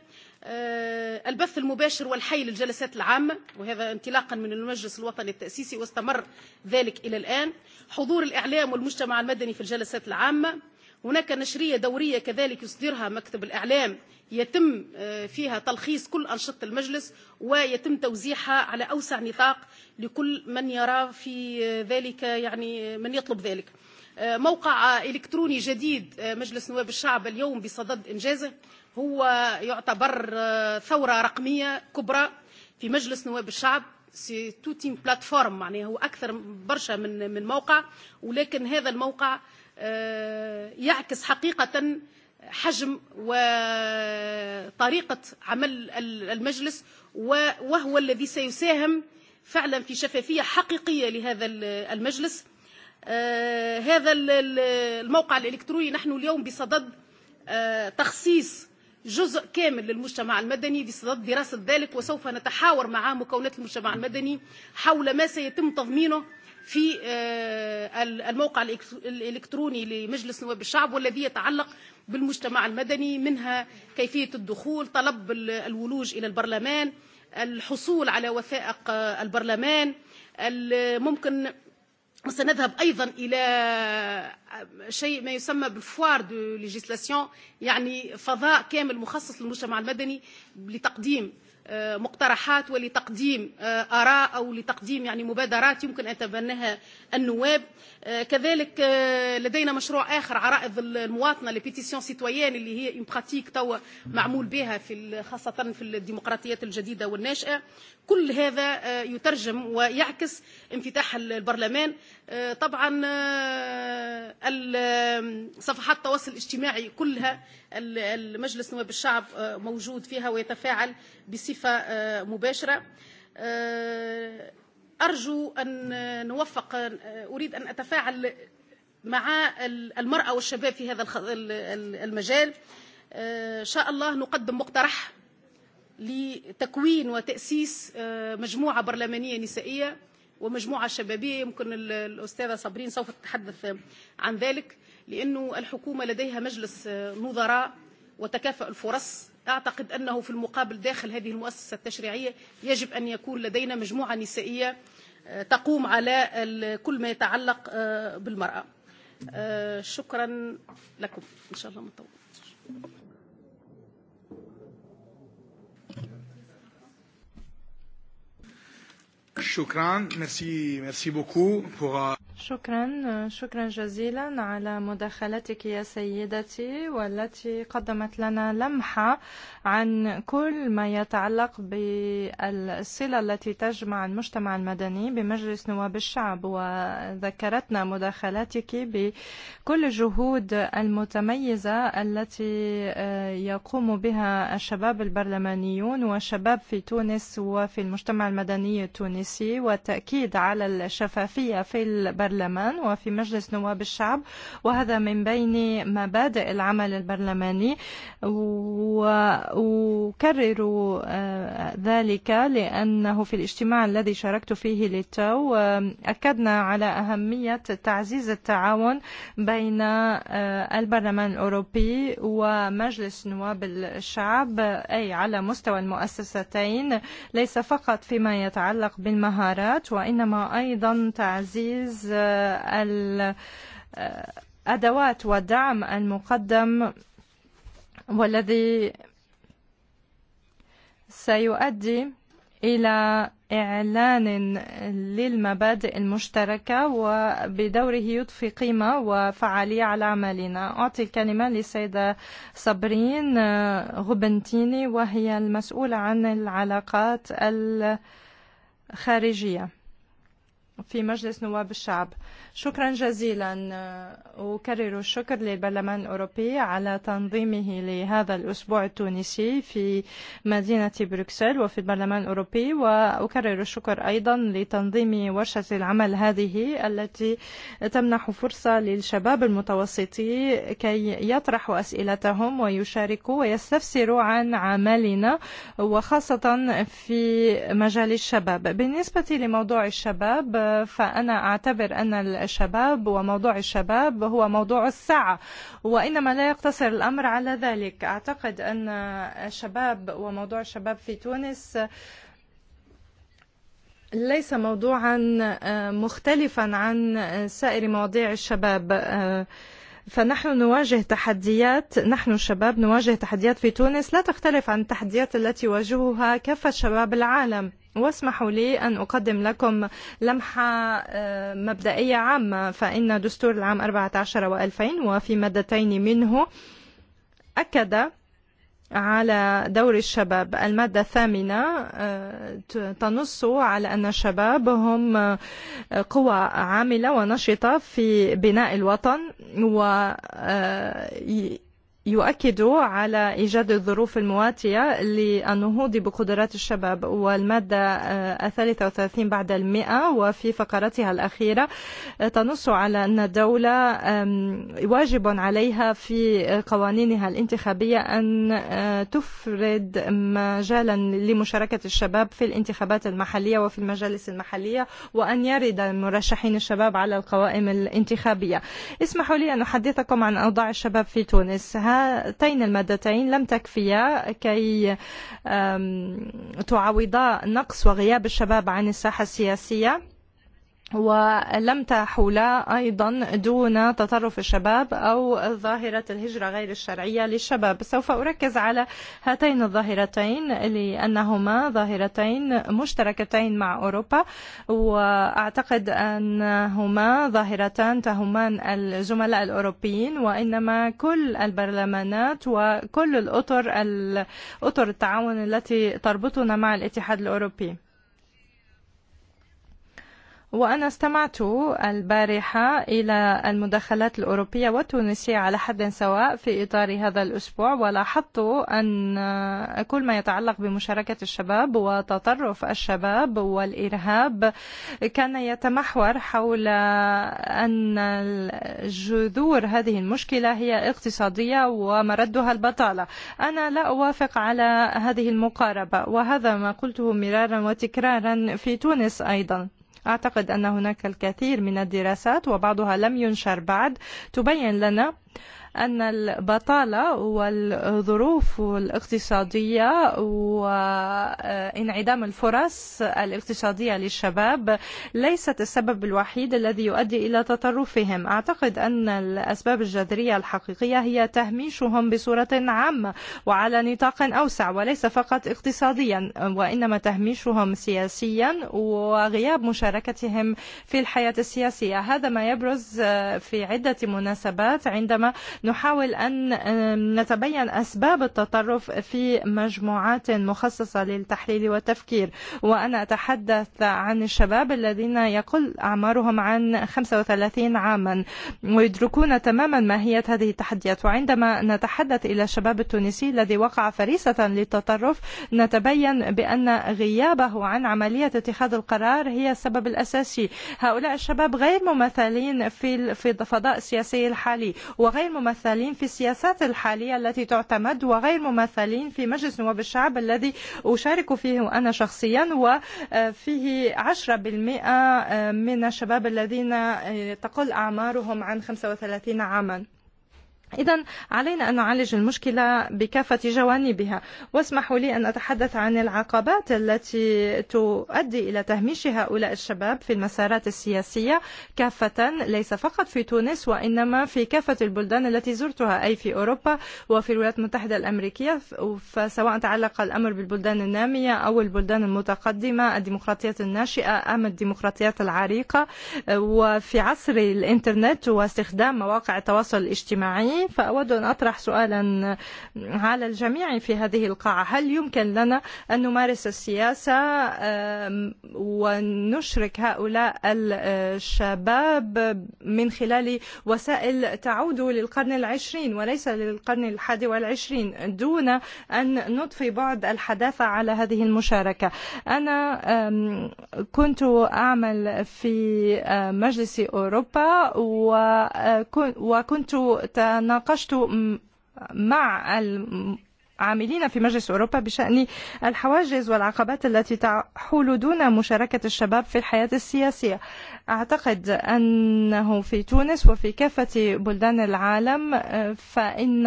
البث المباشر والحي للجلسات العامة وهذا انطلاقا من المجلس الوطني التأسيسي واستمر ذلك إلى الآن حضور الإعلام والمجتمع المدني في الجلسات العامة هناك نشرية دورية كذلك يصدرها مكتب الإعلام يتم فيها تلخيص كل أنشط المجلس ويتم توزيعها على أوسع نطاق لكل من يرى في ذلك يعني من يطلب ذلك موقع إلكتروني جديد مجلس نواب الشعب اليوم بصدد إنجازه هو يعتبر ثورة رقمية كبرى في مجلس نواب الشعب سي توتين بلاتفورم يعني هو أكثر برشا من من موقع ولكن هذا الموقع يعكس حقيقة حجم وطريقة عمل المجلس وهو الذي سيساهم فعلا في شفافية حقيقية لهذا المجلس هذا الموقع الإلكتروني نحن اليوم بصدد تخصيص جزء كامل للمجتمع المدني بصدد دراسة ذلك وسوف نتحاور مع مكونات المجتمع المدني حول ما سيتم تضمينه في الموقع الإلكتروني لمجلس نواب الشعب والذي يتعلق بالمجتمع المدني منها كيفية الدخول طلب الولوج إلى البرلمان الحصول على وثائق البرلمان ممكن وسنذهب أيضا إلى شيء ما يسمى بفوار دو ليجيسلاسيون يعني فضاء كامل مخصص للمجتمع المدني لتقديم مقترحات ولتقديم آراء أو لتقديم يعني مبادرات يمكن أن تبنها النواب كذلك لدينا مشروع آخر عرائض المواطنة لبيتيسيون سيتويان اللي هي إمبراتيك توا معمول بها في خاصة في الديمقراطيات الجديدة والناشئة كل هذا يترجم ويعكس انفتاح البرلمان طبعا صفحات التواصل الاجتماعي كلها المجلس نواب الشعب موجود فيها ويتفاعل بصفة مباشرة أرجو أن نوفق أريد أن أتفاعل مع المرأة والشباب في هذا المجال إن شاء الله نقدم مقترح لتكوين وتأسيس مجموعة برلمانية نسائية ومجموعة شبابية يمكن الأستاذة صابرين سوف تتحدث عن ذلك لأن الحكومة لديها مجلس نظراء وتكافؤ الفرص أعتقد أنه في المقابل داخل هذه المؤسسة التشريعية يجب أن يكون لدينا مجموعة نسائية تقوم على كل ما يتعلق بالمرأة شكرا لكم إن شاء الله مطول شكرا merci, merci beaucoup شكرا شكرا جزيلا على مداخلتك يا سيدتي والتي قدمت لنا لمحة عن كل ما يتعلق بالصلة التي تجمع المجتمع المدني بمجلس نواب الشعب وذكرتنا مداخلتك بكل الجهود المتميزة التي يقوم بها الشباب البرلمانيون والشباب في تونس وفي المجتمع المدني التونسي والتأكيد على الشفافية في البرلمان البرلمان وفي مجلس نواب الشعب وهذا من بين مبادئ العمل البرلماني وأكرر ذلك لأنه في الاجتماع الذي شاركت فيه للتو أكدنا على أهمية تعزيز التعاون بين البرلمان الأوروبي ومجلس نواب الشعب أي على مستوى المؤسستين ليس فقط فيما يتعلق بالمهارات وإنما أيضا تعزيز الأدوات والدعم المقدم والذي سيؤدي إلى إعلان للمبادئ المشتركة وبدوره يضفي قيمة وفعالية على عملنا أعطي الكلمة لسيدة صبرين غبنتيني وهي المسؤولة عن العلاقات الخارجية في مجلس نواب الشعب شكرا جزيلا وكرر الشكر للبرلمان الأوروبي على تنظيمه لهذا الأسبوع التونسي في مدينة بروكسل وفي البرلمان الأوروبي وأكرر الشكر أيضا لتنظيم ورشة العمل هذه التي تمنح فرصة للشباب المتوسطي كي يطرحوا أسئلتهم ويشاركوا ويستفسروا عن عملنا وخاصة في مجال الشباب بالنسبة لموضوع الشباب فأنا أعتبر أن الشباب وموضوع الشباب هو موضوع الساعة وإنما لا يقتصر الأمر على ذلك أعتقد أن الشباب وموضوع الشباب في تونس ليس موضوعا مختلفا عن سائر مواضيع الشباب فنحن نواجه تحديات نحن الشباب نواجه تحديات في تونس لا تختلف عن التحديات التي يواجهها كافة شباب العالم واسمحوا لي أن أقدم لكم لمحة مبدئية عامة فإن دستور العام 14 و2000 وفي مادتين منه أكد على دور الشباب المادة الثامنة تنص على أن الشباب هم قوى عاملة ونشطة في بناء الوطن و يؤكد على إيجاد الظروف المواتية للنهوض بقدرات الشباب والمادة الثالثة وثلاثين بعد المئة وفي فقرتها الأخيرة تنص على أن الدولة واجب عليها في قوانينها الانتخابية أن تفرد مجالا لمشاركة الشباب في الانتخابات المحلية وفي المجالس المحلية وأن يرد مرشحين الشباب على القوائم الانتخابية اسمحوا لي أن أحدثكم عن أوضاع الشباب في تونس هاتين المادتين لم تكفيا كي تعوضا نقص وغياب الشباب عن الساحة السياسية ولم تحول أيضا دون تطرف الشباب أو ظاهرة الهجرة غير الشرعية للشباب سوف أركز على هاتين الظاهرتين لأنهما ظاهرتين مشتركتين مع أوروبا وأعتقد أنهما ظاهرتان تهمان الزملاء الأوروبيين وإنما كل البرلمانات وكل الأطر الأطر التعاون التي تربطنا مع الاتحاد الأوروبي وأنا استمعت البارحة إلى المداخلات الأوروبية والتونسية على حد سواء في إطار هذا الأسبوع ولاحظت أن كل ما يتعلق بمشاركة الشباب وتطرف الشباب والإرهاب كان يتمحور حول أن جذور هذه المشكلة هي اقتصادية ومردها البطالة أنا لا أوافق على هذه المقاربة وهذا ما قلته مرارا وتكرارا في تونس أيضا أعتقد أن هناك الكثير من الدراسات وبعضها لم ينشر بعد تبين لنا أن البطالة والظروف الاقتصادية وانعدام الفرص الاقتصادية للشباب ليست السبب الوحيد الذي يؤدي إلى تطرفهم أعتقد أن الأسباب الجذرية الحقيقية هي تهميشهم بصورة عامة وعلى نطاق أوسع وليس فقط اقتصاديا وإنما تهميشهم سياسيا وغياب مشاركتهم في الحياة السياسية هذا ما يبرز في عدة مناسبات عندما نحاول أن نتبين أسباب التطرف في مجموعات مخصصة للتحليل والتفكير وأنا أتحدث عن الشباب الذين يقل أعمارهم عن 35 عاما ويدركون تماما ماهية هذه التحديات وعندما نتحدث إلى الشباب التونسي الذي وقع فريسة للتطرف نتبين بأن غيابه عن عملية اتخاذ القرار هي السبب الأساسي هؤلاء الشباب غير ممثلين في الفضاء السياسي الحالي وغير ممثلين ممثلين في السياسات الحالية التي تعتمد وغير ممثلين في مجلس نواب الشعب الذي أشارك فيه أنا شخصيا وفيه بالمئة من الشباب الذين تقل أعمارهم عن 35 عاما إذا علينا أن نعالج المشكلة بكافة جوانبها واسمحوا لي أن أتحدث عن العقبات التي تؤدي إلى تهميش هؤلاء الشباب في المسارات السياسية كافة ليس فقط في تونس وإنما في كافة البلدان التي زرتها أي في أوروبا وفي الولايات المتحدة الأمريكية فسواء تعلق الأمر بالبلدان النامية أو البلدان المتقدمة الديمقراطيات الناشئة أم الديمقراطيات العريقة وفي عصر الإنترنت واستخدام مواقع التواصل الاجتماعي العالمين فأود أن أطرح سؤالا على الجميع في هذه القاعة هل يمكن لنا أن نمارس السياسة ونشرك هؤلاء الشباب من خلال وسائل تعود للقرن العشرين وليس للقرن الحادي والعشرين دون أن نضفي بعض الحداثة على هذه المشاركة أنا كنت أعمل في مجلس أوروبا وكنت تناقض ناقشت مع عاملين في مجلس أوروبا بشأن الحواجز والعقبات التي تحول دون مشاركة الشباب في الحياة السياسية أعتقد أنه في تونس وفي كافة بلدان العالم فإن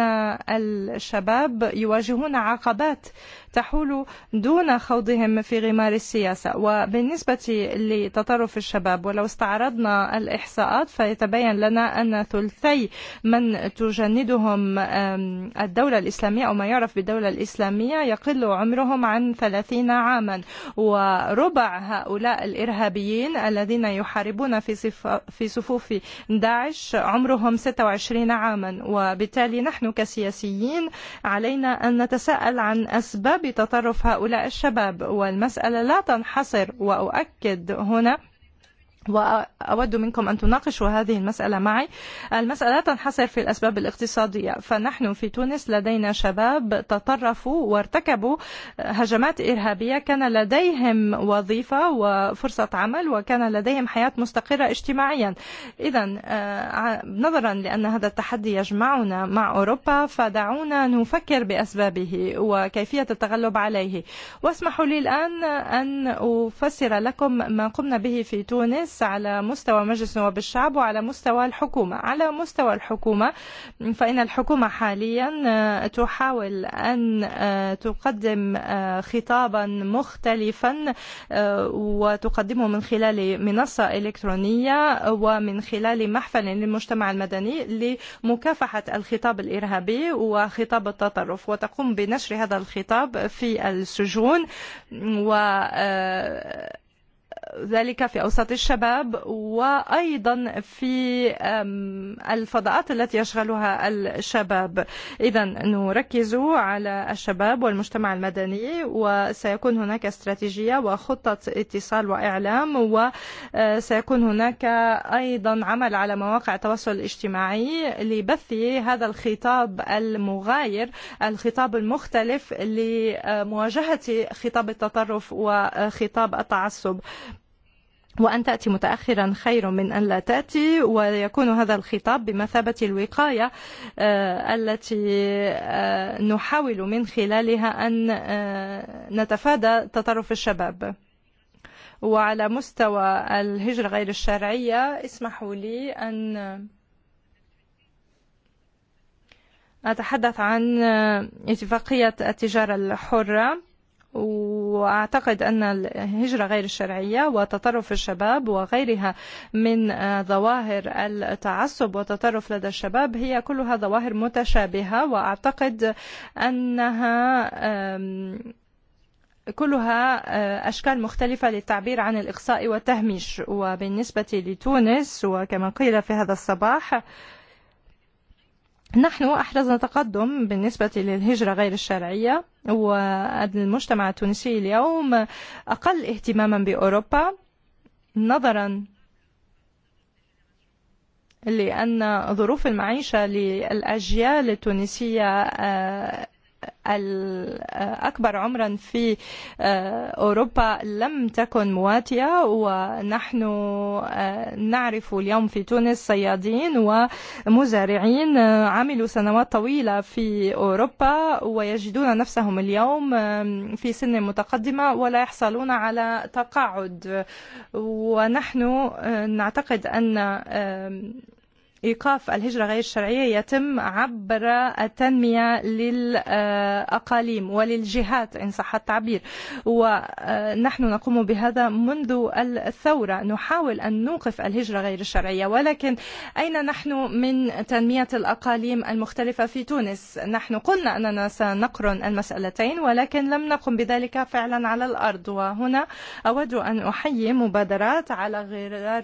الشباب يواجهون عقبات تحول دون خوضهم في غمار السياسة وبالنسبة لتطرف الشباب ولو استعرضنا الإحصاءات فيتبين لنا أن ثلثي من تجندهم الدولة الإسلامية أو ما يعرف بالدولة الإسلامية يقل عمرهم عن ثلاثين عاما وربع هؤلاء الإرهابيين الذين يحاربون في, صف... في صفوف داعش عمرهم 26 عاما وبالتالي نحن كسياسيين علينا أن نتساءل عن أسباب بتطرف هؤلاء الشباب والمسألة لا تنحصر وأؤكد هنا وأود منكم أن تناقشوا هذه المسألة معي المسألة تنحصر في الأسباب الاقتصادية فنحن في تونس لدينا شباب تطرفوا وارتكبوا هجمات إرهابية كان لديهم وظيفة وفرصة عمل وكان لديهم حياة مستقرة اجتماعيا إذا نظرا لأن هذا التحدي يجمعنا مع أوروبا فدعونا نفكر بأسبابه وكيفية التغلب عليه واسمحوا لي الآن أن أفسر لكم ما قمنا به في تونس بالعكس على مستوى مجلس النواب الشعب وعلى مستوى الحكومة على مستوى الحكومة فإن الحكومة حاليا تحاول أن تقدم خطابا مختلفا وتقدمه من خلال منصة إلكترونية ومن خلال محفل للمجتمع المدني لمكافحة الخطاب الإرهابي وخطاب التطرف وتقوم بنشر هذا الخطاب في السجون و ذلك في أوساط الشباب وأيضا في الفضاءات التي يشغلها الشباب إذا نركز على الشباب والمجتمع المدني وسيكون هناك استراتيجية وخطة اتصال وإعلام وسيكون هناك أيضا عمل على مواقع التواصل الاجتماعي لبث هذا الخطاب المغاير الخطاب المختلف لمواجهة خطاب التطرف وخطاب التعصب وأن تأتي متأخرا خير من أن لا تأتي ويكون هذا الخطاب بمثابة الوقاية التي نحاول من خلالها أن نتفادى تطرف الشباب وعلى مستوى الهجرة غير الشرعية اسمحوا لي أن أتحدث عن اتفاقية التجارة الحرة وأعتقد أن الهجرة غير الشرعية وتطرف الشباب وغيرها من ظواهر التعصب وتطرف لدى الشباب هي كلها ظواهر متشابهة وأعتقد أنها كلها أشكال مختلفة للتعبير عن الإقصاء والتهميش وبالنسبة لتونس وكما قيل في هذا الصباح نحن أحرزنا تقدم بالنسبة للهجرة غير الشرعية والمجتمع التونسي اليوم أقل اهتماما بأوروبا نظرا لأن ظروف المعيشة للأجيال التونسية الأكبر عمرا في أوروبا لم تكن مواتية ونحن نعرف اليوم في تونس صيادين ومزارعين عملوا سنوات طويلة في أوروبا ويجدون نفسهم اليوم في سن متقدمة ولا يحصلون على تقاعد ونحن نعتقد أن إيقاف الهجرة غير الشرعية يتم عبر التنمية للأقاليم وللجهات إن صح التعبير ونحن نقوم بهذا منذ الثورة نحاول أن نوقف الهجرة غير الشرعية ولكن أين نحن من تنمية الأقاليم المختلفة في تونس نحن قلنا أننا سنقرن المسألتين ولكن لم نقم بذلك فعلا على الأرض وهنا أود أن أحيي مبادرات على غرار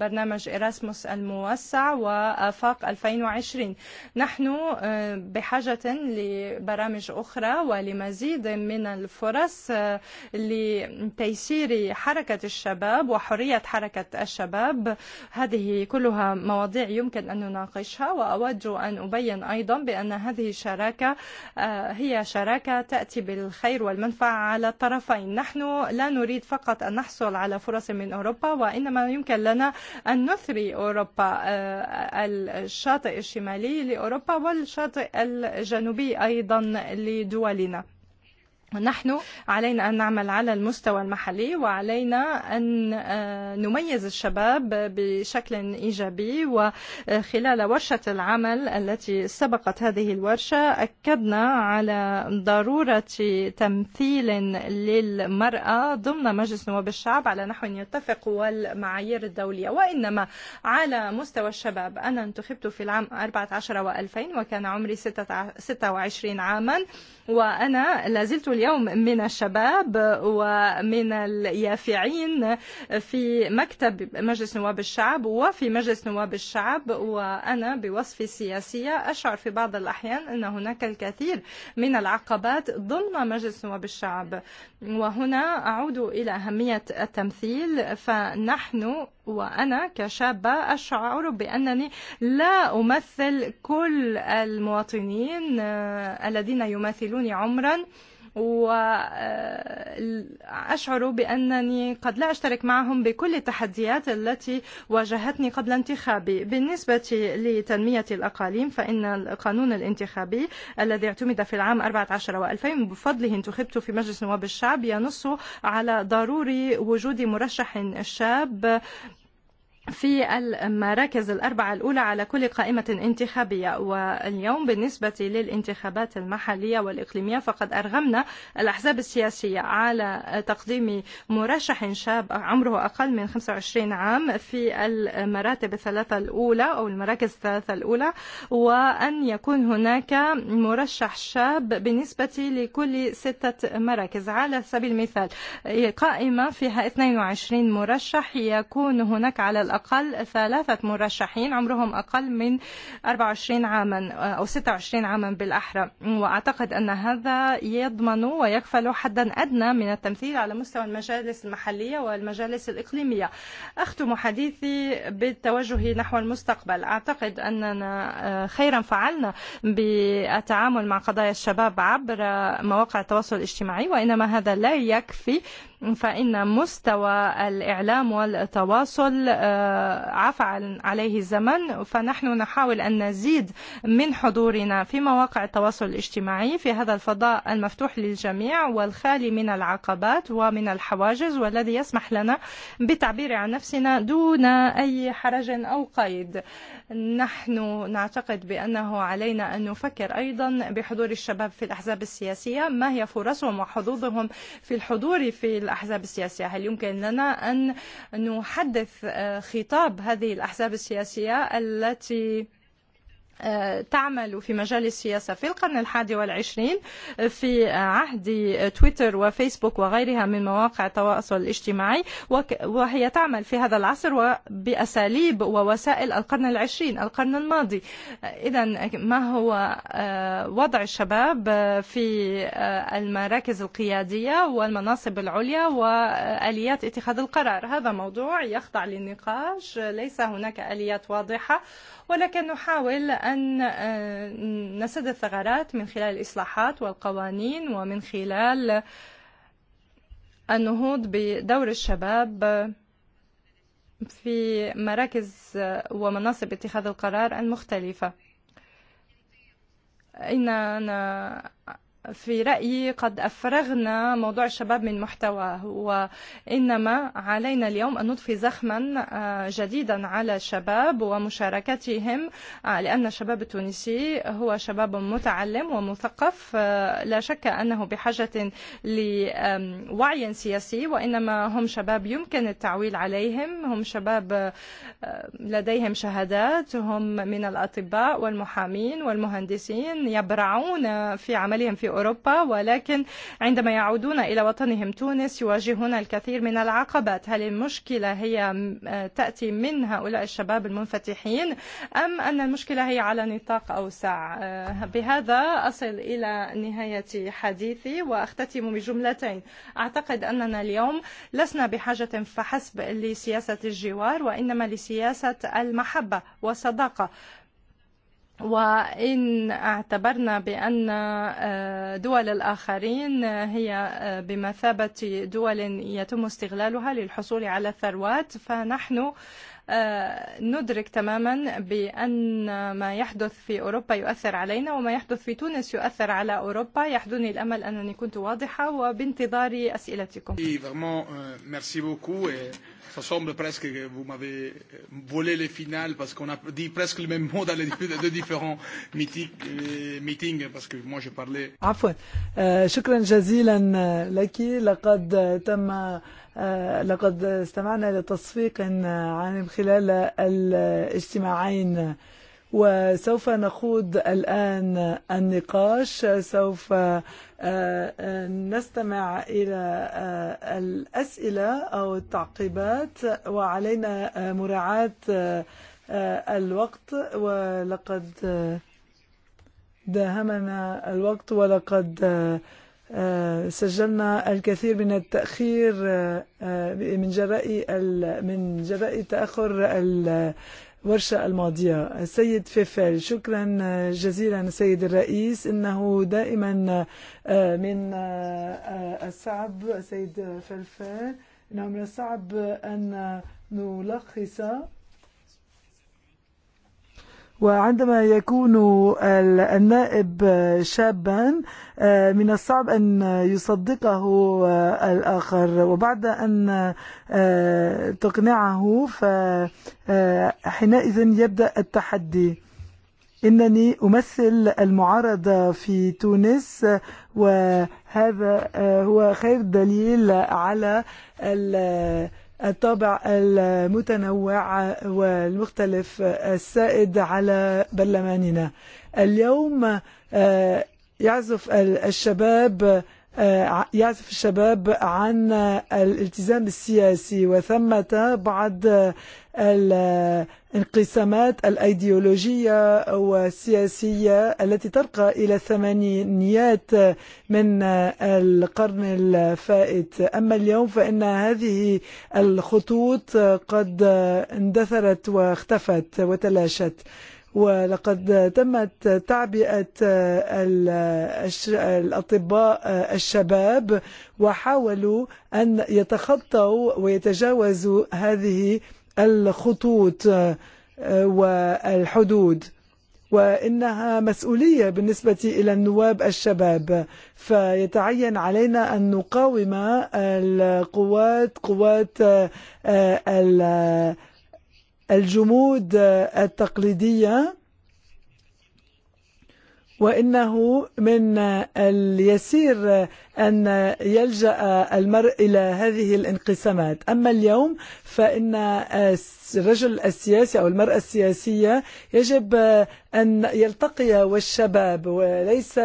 برنامج إراسموس الموسع وآفاق 2020 نحن بحاجة لبرامج أخرى ولمزيد من الفرص لتيسير حركة الشباب وحرية حركة الشباب هذه كلها مواضيع يمكن أن نناقشها وأود أن أبين أيضا بأن هذه الشراكة هي شراكة تأتي بالخير والمنفعة على الطرفين نحن لا نريد فقط أن نحصل على فرص من أوروبا وإنما يمكن لنا أن نثري أوروبا الشاطئ الشمالي لأوروبا والشاطئ الجنوبي أيضا لدولنا نحن علينا أن نعمل على المستوى المحلي وعلينا أن نميز الشباب بشكل إيجابي وخلال ورشة العمل التي سبقت هذه الورشة أكدنا على ضرورة تمثيل للمرأة ضمن مجلس نواب الشعب على نحو يتفق والمعايير الدولية وإنما على مستوى الشباب أنا انتخبت في العام 14 و2000 وكان عمري 26 عاما وأنا لازلت اليوم من الشباب ومن اليافعين في مكتب مجلس نواب الشعب وفي مجلس نواب الشعب وأنا بوصفي سياسية أشعر في بعض الأحيان أن هناك الكثير من العقبات ضمن مجلس نواب الشعب وهنا أعود إلى أهمية التمثيل فنحن وأنا كشابة أشعر بأنني لا أمثل كل المواطنين الذين يمثلوني عمرا وأشعر بأنني قد لا أشترك معهم بكل التحديات التي واجهتني قبل انتخابي بالنسبة لتنمية الأقاليم فإن القانون الانتخابي الذي اعتمد في العام 14 و2000 بفضله انتخبت في مجلس نواب الشعب ينص على ضروري وجود مرشح شاب في المراكز الأربعة الأولى على كل قائمة انتخابية واليوم بالنسبة للانتخابات المحلية والإقليمية فقد أرغمنا الأحزاب السياسية على تقديم مرشح شاب عمره أقل من 25 عام في المراتب الثلاثة الأولى أو المراكز الثلاثة الأولى وأن يكون هناك مرشح شاب بالنسبة لكل ستة مراكز على سبيل المثال قائمة فيها 22 مرشح يكون هناك على الأقل ثلاثة مرشحين عمرهم أقل من 24 عاما أو 26 عاما بالأحرى وأعتقد أن هذا يضمن ويكفل حدا أدنى من التمثيل على مستوى المجالس المحلية والمجالس الإقليمية أختم حديثي بالتوجه نحو المستقبل أعتقد أننا خيرا فعلنا بالتعامل مع قضايا الشباب عبر مواقع التواصل الاجتماعي وإنما هذا لا يكفي فإن مستوى الإعلام والتواصل عفى عليه الزمن فنحن نحاول أن نزيد من حضورنا في مواقع التواصل الاجتماعي في هذا الفضاء المفتوح للجميع والخالي من العقبات ومن الحواجز والذي يسمح لنا بالتعبير عن نفسنا دون أي حرج أو قيد نحن نعتقد بأنه علينا أن نفكر أيضا بحضور الشباب في الأحزاب السياسية ما هي فرصهم وحظوظهم في الحضور في الأحزاب الأحزاب السياسية هل يمكن لنا أن نحدث خطاب هذه الأحزاب السياسية التي تعمل في مجال السياسة في القرن الحادي والعشرين في عهد تويتر وفيسبوك وغيرها من مواقع التواصل الاجتماعي وهي تعمل في هذا العصر بأساليب ووسائل القرن العشرين القرن الماضي إذا ما هو وضع الشباب في المراكز القيادية والمناصب العليا وآليات اتخاذ القرار هذا موضوع يخضع للنقاش ليس هناك آليات واضحة ولكن نحاول أن نسد الثغرات من خلال الإصلاحات والقوانين ومن خلال النهوض بدور الشباب في مراكز ومناصب اتخاذ القرار المختلفة إننا في رأيي قد أفرغنا موضوع الشباب من محتوى وإنما علينا اليوم أن نضفي زخما جديدا على الشباب ومشاركتهم لأن الشباب التونسي هو شباب متعلم ومثقف لا شك أنه بحاجة لوعي سياسي وإنما هم شباب يمكن التعويل عليهم هم شباب لديهم شهادات هم من الأطباء والمحامين والمهندسين يبرعون في عملهم في أوروبا ولكن عندما يعودون إلى وطنهم تونس يواجهون الكثير من العقبات هل المشكلة هي تأتي من هؤلاء الشباب المنفتحين أم أن المشكلة هي على نطاق أوسع بهذا أصل إلى نهاية حديثي وأختتم بجملتين أعتقد أننا اليوم لسنا بحاجة فحسب لسياسة الجوار وإنما لسياسة المحبة وصداقة وإن اعتبرنا بأن دول الآخرين هي بمثابة دول يتم استغلالها للحصول على الثروات فنحن ندرك تماما بأن ما يحدث في أوروبا يؤثر علينا وما يحدث في تونس يؤثر على أوروبا يحدوني الأمل أنني كنت واضحة وبانتظار أسئلتكم euh, ça semble presque que vous m'avez euh, volé les finales parce qu'on a dit presque le même mot dans les deux différents meetings, euh, meetings parce que moi j'ai parlé. عفوا شكرا جزيلا لك لقد تم لقد استمعنا لتصفيق عن خلال الاجتماعين وسوف نخوض الآن النقاش سوف نستمع إلى الأسئلة أو التعقيبات وعلينا مراعاة الوقت ولقد داهمنا الوقت ولقد سجلنا الكثير من التأخير من جراء من جراء تأخر ورشة الماضية السيد فيفل شكرا جزيلا سيد الرئيس إنه دائما من الصعب سيد فلفل إنه من الصعب أن نلخص وعندما يكون النائب شابا من الصعب أن يصدقه الآخر وبعد أن تقنعه فحينئذ يبدأ التحدي إنني أمثل المعارضة في تونس وهذا هو خير دليل على الطابع المتنوع والمختلف السائد على برلماننا اليوم يعزف الشباب يعزف الشباب عن الالتزام السياسي وثمة بعض الانقسامات الأيديولوجية والسياسية التي ترقى إلى الثمانينيات من القرن الفائت أما اليوم فإن هذه الخطوط قد اندثرت واختفت وتلاشت ولقد تمت تعبئة الأطباء الشباب وحاولوا أن يتخطوا ويتجاوزوا هذه الخطوط والحدود وإنها مسؤولية بالنسبة إلى النواب الشباب فيتعين علينا أن نقاوم القوات قوات الجمود التقليدية وإنه من اليسير أن يلجأ المرء إلى هذه الانقسامات أما اليوم فإن الرجل السياسي أو المرأة السياسية يجب أن يلتقي والشباب وليس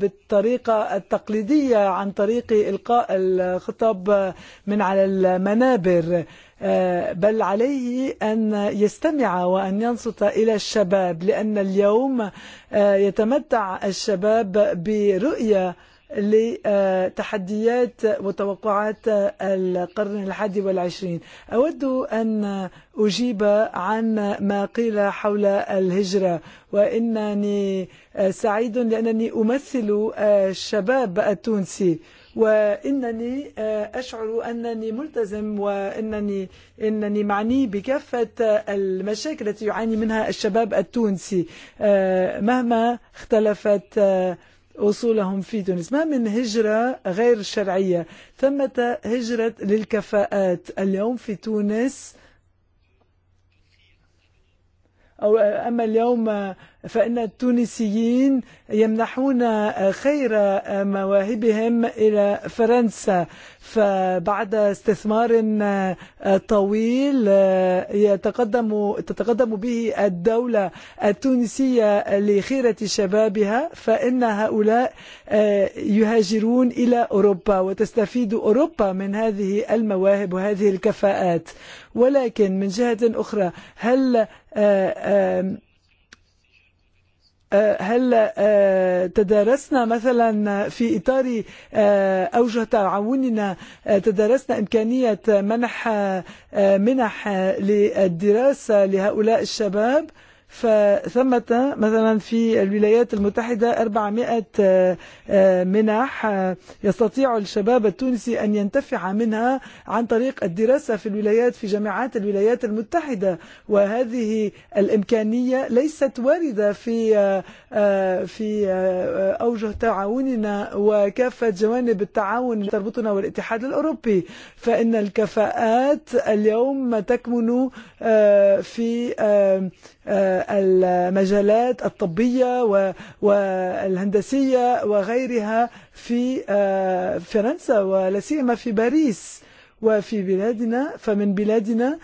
بالطريقة التقليدية عن طريق إلقاء الخطاب من على المنابر بل عليه أن يستمع وأن ينصت إلى الشباب لأن اليوم يتمتع الشباب برؤية لتحديات وتوقعات القرن الحادي والعشرين أود أن أجيب عن ما قيل حول الهجرة وإنني سعيد لأنني أمثل الشباب التونسي وإنني أشعر أنني ملتزم وإنني إنني معني بكافة المشاكل التي يعاني منها الشباب التونسي مهما اختلفت وصولهم في تونس ما من هجرة غير شرعية ثمة هجرة للكفاءات اليوم في تونس أو أما اليوم فإن التونسيين يمنحون خير مواهبهم إلى فرنسا فبعد استثمار طويل يتقدم تتقدم به الدولة التونسية لخيرة شبابها فإن هؤلاء يهاجرون إلى أوروبا وتستفيد أوروبا من هذه المواهب وهذه الكفاءات ولكن من جهة أخرى هل هل تدارسنا مثلا في إطار أوجه تعاوننا تدارسنا إمكانية منح منح للدراسة لهؤلاء الشباب؟ فثمة مثلا في الولايات المتحدة 400 منح يستطيع الشباب التونسي أن ينتفع منها عن طريق الدراسة في الولايات في جامعات الولايات المتحدة وهذه الإمكانية ليست واردة في في أوجه تعاوننا وكافة جوانب التعاون تربطنا والاتحاد الأوروبي فإن الكفاءات اليوم تكمن في المجالات الطبية والهندسية وغيرها في فرنسا ولا سيما في باريس وفي بلادنا فمن بلادنا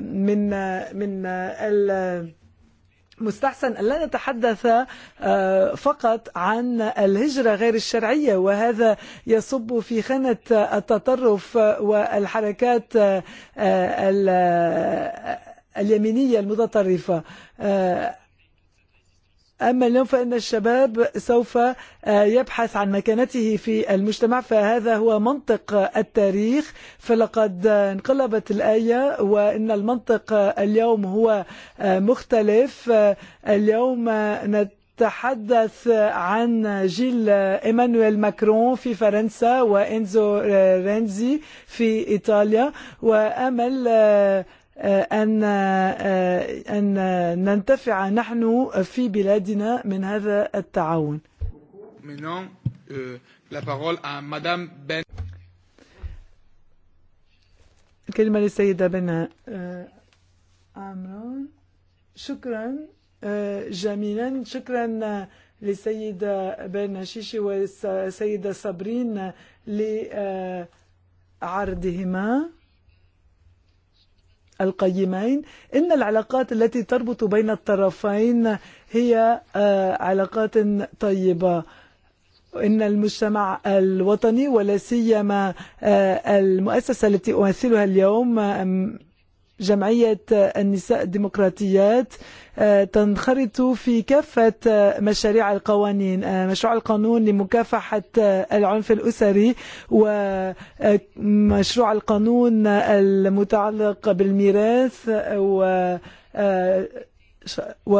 من من مستحسن أن لا نتحدث فقط عن الهجرة غير الشرعية وهذا يصب في خانة التطرف والحركات اليمينية المتطرفة أما اليوم فإن الشباب سوف يبحث عن مكانته في المجتمع فهذا هو منطق التاريخ فلقد انقلبت الآية وإن المنطق اليوم هو مختلف اليوم نت تحدث عن جيل إيمانويل ماكرون في فرنسا وإنزو رينزي في إيطاليا وأمل أن أن ننتفع نحن في بلادنا من هذا التعاون. الكلمة euh, للسيدة بنا عمران شكرا جميلا شكرا للسيدة بنا شيشي والسيدة صابرين لعرضهما القيمين إن العلاقات التي تربط بين الطرفين هي علاقات طيبة إن المجتمع الوطني ولا سيما المؤسسة التي أمثلها اليوم جمعية النساء الديمقراطيات تنخرط في كافة مشاريع القوانين مشروع القانون لمكافحة العنف الأسري ومشروع القانون المتعلق بالميراث و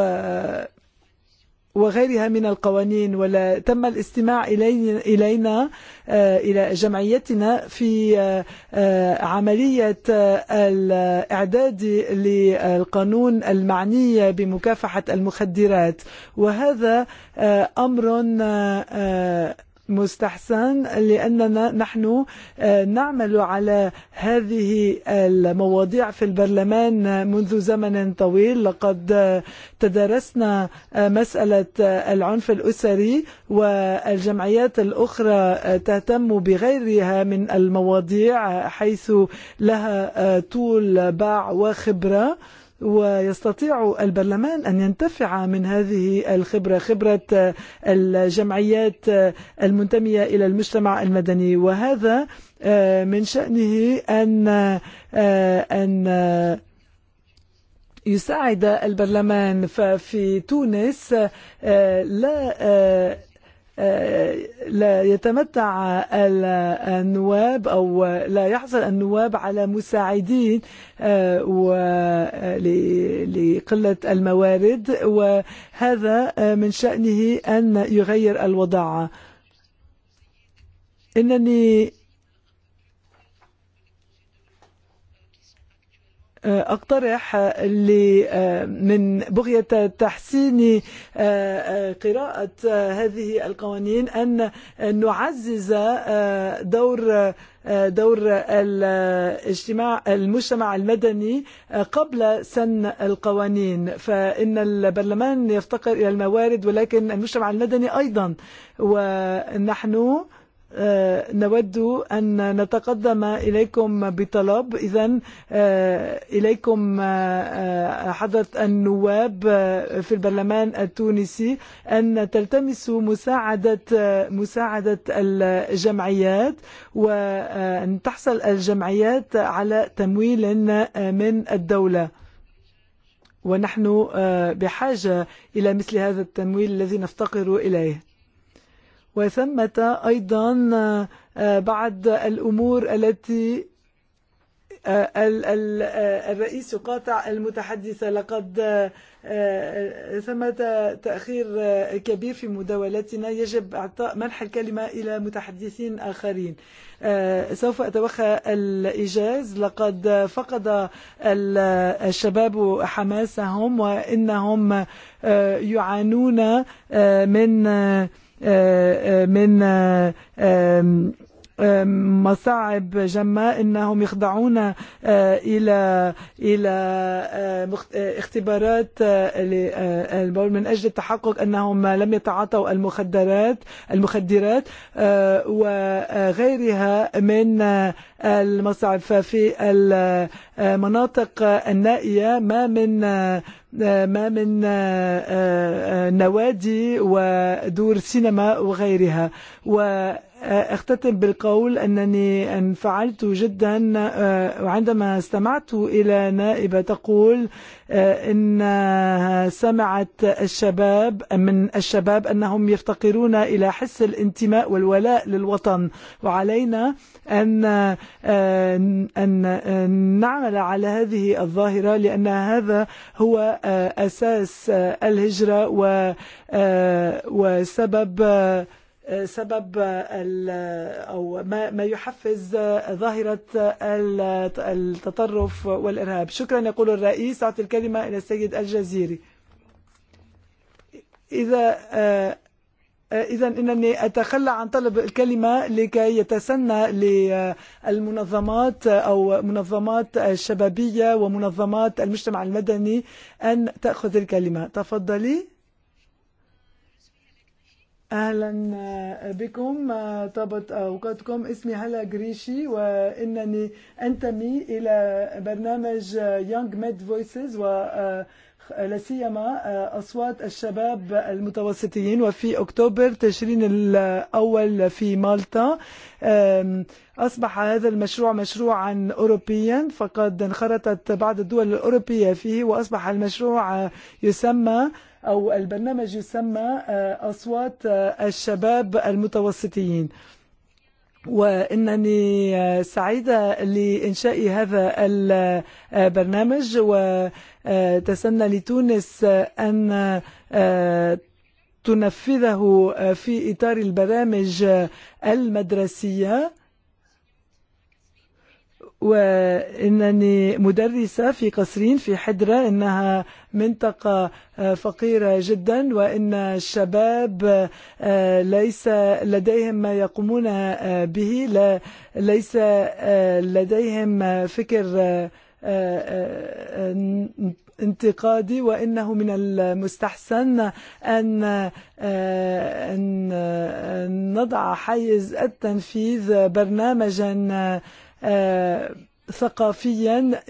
وغيرها من القوانين ولا تم الاستماع إلينا إلى جمعيتنا في عملية الإعداد للقانون المعنية بمكافحة المخدرات وهذا أمر مستحسن لأننا نحن نعمل على هذه المواضيع في البرلمان منذ زمن طويل لقد تدرسنا مسألة العنف الأسري والجمعيات الأخرى تهتم بغيرها من المواضيع حيث لها طول باع وخبرة ويستطيع البرلمان أن ينتفع من هذه الخبرة خبرة الجمعيات المنتمية إلى المجتمع المدني وهذا من شأنه أن أن يساعد البرلمان ففي تونس لا لا يتمتع النواب أو لا يحصل النواب على مساعدين لقلة الموارد وهذا من شأنه أن يغير الوضع إنني أقترح من بغية تحسين قراءة هذه القوانين أن نعزز دور دور الاجتماع المجتمع المدني قبل سن القوانين فإن البرلمان يفتقر إلى الموارد ولكن المجتمع المدني أيضا ونحن نود أن نتقدم إليكم بطلب إذا إليكم حضرة النواب في البرلمان التونسي أن تلتمسوا مساعدة مساعدة الجمعيات وأن تحصل الجمعيات على تمويل من الدولة ونحن بحاجة إلى مثل هذا التمويل الذي نفتقر إليه وثمة أيضا بعد الأمور التي الرئيس قاطع المتحدث لقد ثمة تأخير كبير في مداولتنا يجب إعطاء منح الكلمة إلى متحدثين آخرين سوف أتوخى الإجاز لقد فقد الشباب حماسهم وإنهم يعانون من um مصاعب جماء انهم يخضعون الى الى اختبارات البول من اجل التحقق انهم لم يتعاطوا المخدرات المخدرات وغيرها من المصاعب ففي المناطق النائيه ما من ما من نوادي ودور سينما وغيرها و اختتم بالقول أنني انفعلت جدا وعندما استمعت إلى نائبة تقول إنها سمعت الشباب من الشباب أنهم يفتقرون إلى حس الانتماء والولاء للوطن وعلينا أن أن نعمل على هذه الظاهرة لأن هذا هو أساس الهجرة وسبب سبب أو ما يحفز ظاهرة التطرف والإرهاب شكرا يقول الرئيس أعطي الكلمة إلى السيد الجزيري إذا إذا إنني أتخلى عن طلب الكلمة لكي يتسنى للمنظمات أو منظمات الشبابية ومنظمات المجتمع المدني أن تأخذ الكلمة تفضلي اهلا بكم طابت اوقاتكم اسمي هلا جريشي وانني انتمي الى برنامج Young ميد فويسز و لاسيما أصوات الشباب المتوسطيين وفي أكتوبر تشرين الأول في مالطا أصبح هذا المشروع مشروعا أوروبيا فقد انخرطت بعض الدول الأوروبية فيه وأصبح المشروع يسمى أو البرنامج يسمى أصوات الشباب المتوسطيين وإنني سعيدة لإنشاء هذا البرنامج وتسنى لتونس أن تنفذه في إطار البرامج المدرسية وإنني مدرسة في قصرين في حدرة إنها منطقة فقيرة جدا وإن الشباب ليس لديهم ما يقومون به ليس لديهم فكر انتقادي وإنه من المستحسن أن نضع حيز التنفيذ برنامجا ثقافيا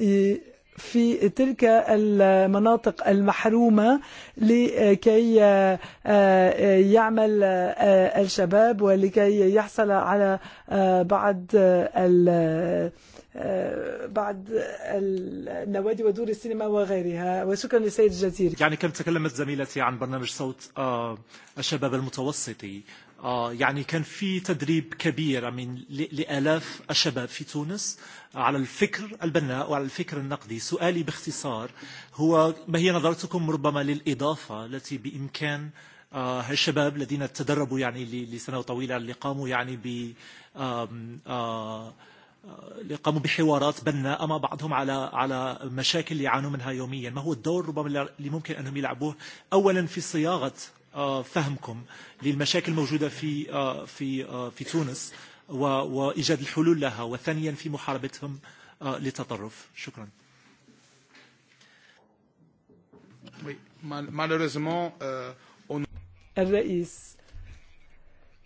في تلك المناطق المحرومة لكي يعمل الشباب ولكي يحصل على بعض بعد النوادي ودور السينما وغيرها وشكرا للسيد الجزيري يعني كم تكلمت زميلتي عن برنامج صوت الشباب المتوسطي يعني كان في تدريب كبير من لآلاف الشباب في تونس على الفكر البناء وعلى الفكر النقدي سؤالي باختصار هو ما هي نظرتكم ربما للإضافة التي بإمكان الشباب الذين تدربوا يعني لسنة طويلة اللي قاموا يعني ب اللي قاموا بحوارات بناء مع بعضهم على على مشاكل يعانوا منها يوميا ما هو الدور ربما اللي ممكن انهم يلعبوه اولا في صياغه فهمكم للمشاكل الموجودة في في في تونس وإيجاد الحلول لها وثانيا في محاربتهم للتطرف شكرا euh, الرئيس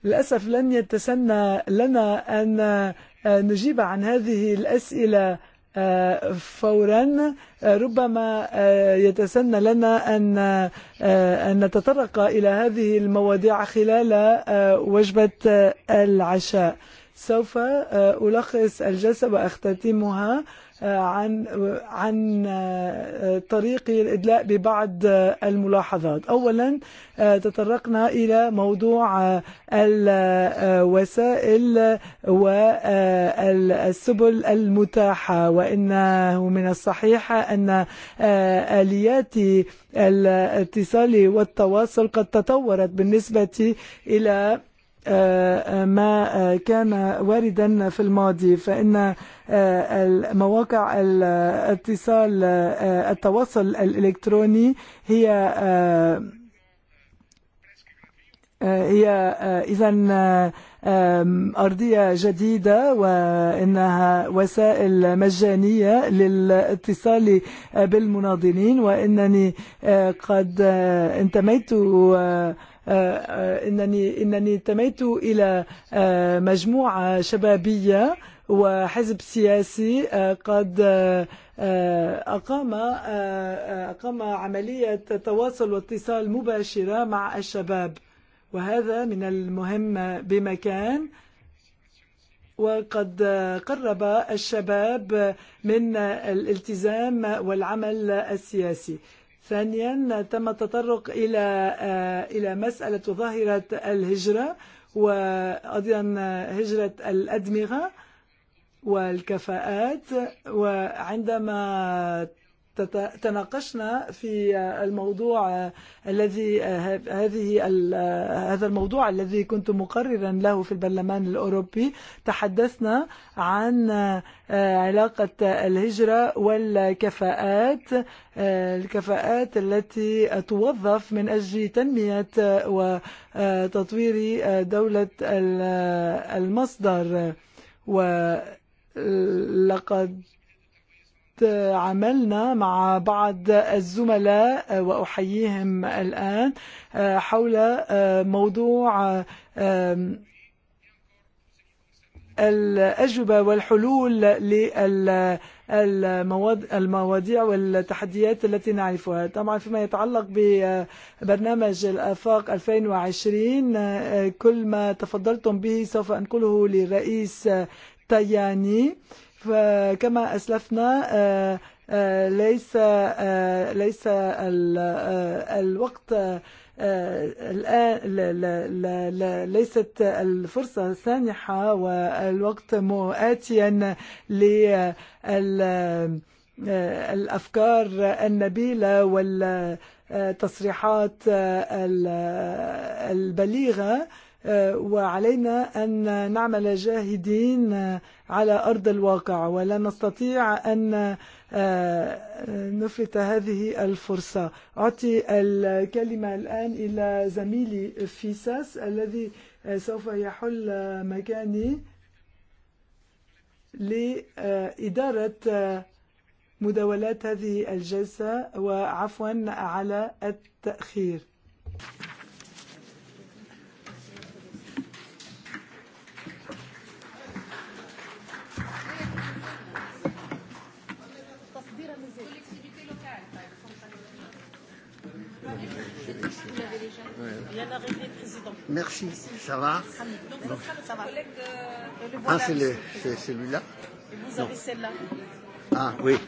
للأسف لن يتسنى لنا أن نجيب عن هذه الأسئلة فورا ربما يتسنى لنا أن أن نتطرق إلى هذه المواضيع خلال وجبة العشاء سوف ألخص الجلسة وأختتمها عن عن طريق الإدلاء ببعض الملاحظات أولا تطرقنا إلى موضوع الوسائل والسبل المتاحة وإنه من الصحيح أن آليات الاتصال والتواصل قد تطورت بالنسبة إلى ما كان واردا في الماضي فإن مواقع الاتصال التواصل الإلكتروني هي هي إذا أرضية جديدة وإنها وسائل مجانية للاتصال بالمناضلين وإنني قد انتميت انني انني انتميت الى مجموعه شبابيه وحزب سياسي قد اقام اقام عمليه تواصل واتصال مباشرة مع الشباب وهذا من المهم بمكان وقد قرب الشباب من الالتزام والعمل السياسي ثانيا تم التطرق إلى إلى مسألة ظاهرة الهجرة وأيضا هجرة الأدمغة والكفاءات وعندما تناقشنا في الموضوع الذي هذه هذا الموضوع الذي كنت مقررا له في البرلمان الاوروبي تحدثنا عن علاقه الهجره والكفاءات الكفاءات التي توظف من اجل تنميه وتطوير دوله المصدر ولقد عملنا مع بعض الزملاء وأحييهم الآن حول موضوع الأجوبة والحلول للمواضيع والتحديات التي نعرفها طبعا فيما يتعلق ببرنامج الأفاق 2020 كل ما تفضلتم به سوف أنقله للرئيس تياني فكما أسلفنا ليس ليس الوقت الآن ليست الفرصة سانحة والوقت مؤاتيا للأفكار النبيلة والتصريحات البليغة وعلينا أن نعمل جاهدين على أرض الواقع ولا نستطيع أن نفلت هذه الفرصة أعطي الكلمة الآن إلى زميلي فيساس الذي سوف يحل مكاني لإدارة مداولات هذه الجلسة وعفوا على التأخير Thank you. Merci, ça va Donc, ça va. Ah, c'est le, c'est celui-là Et Vous avez celle-là Ah, oui.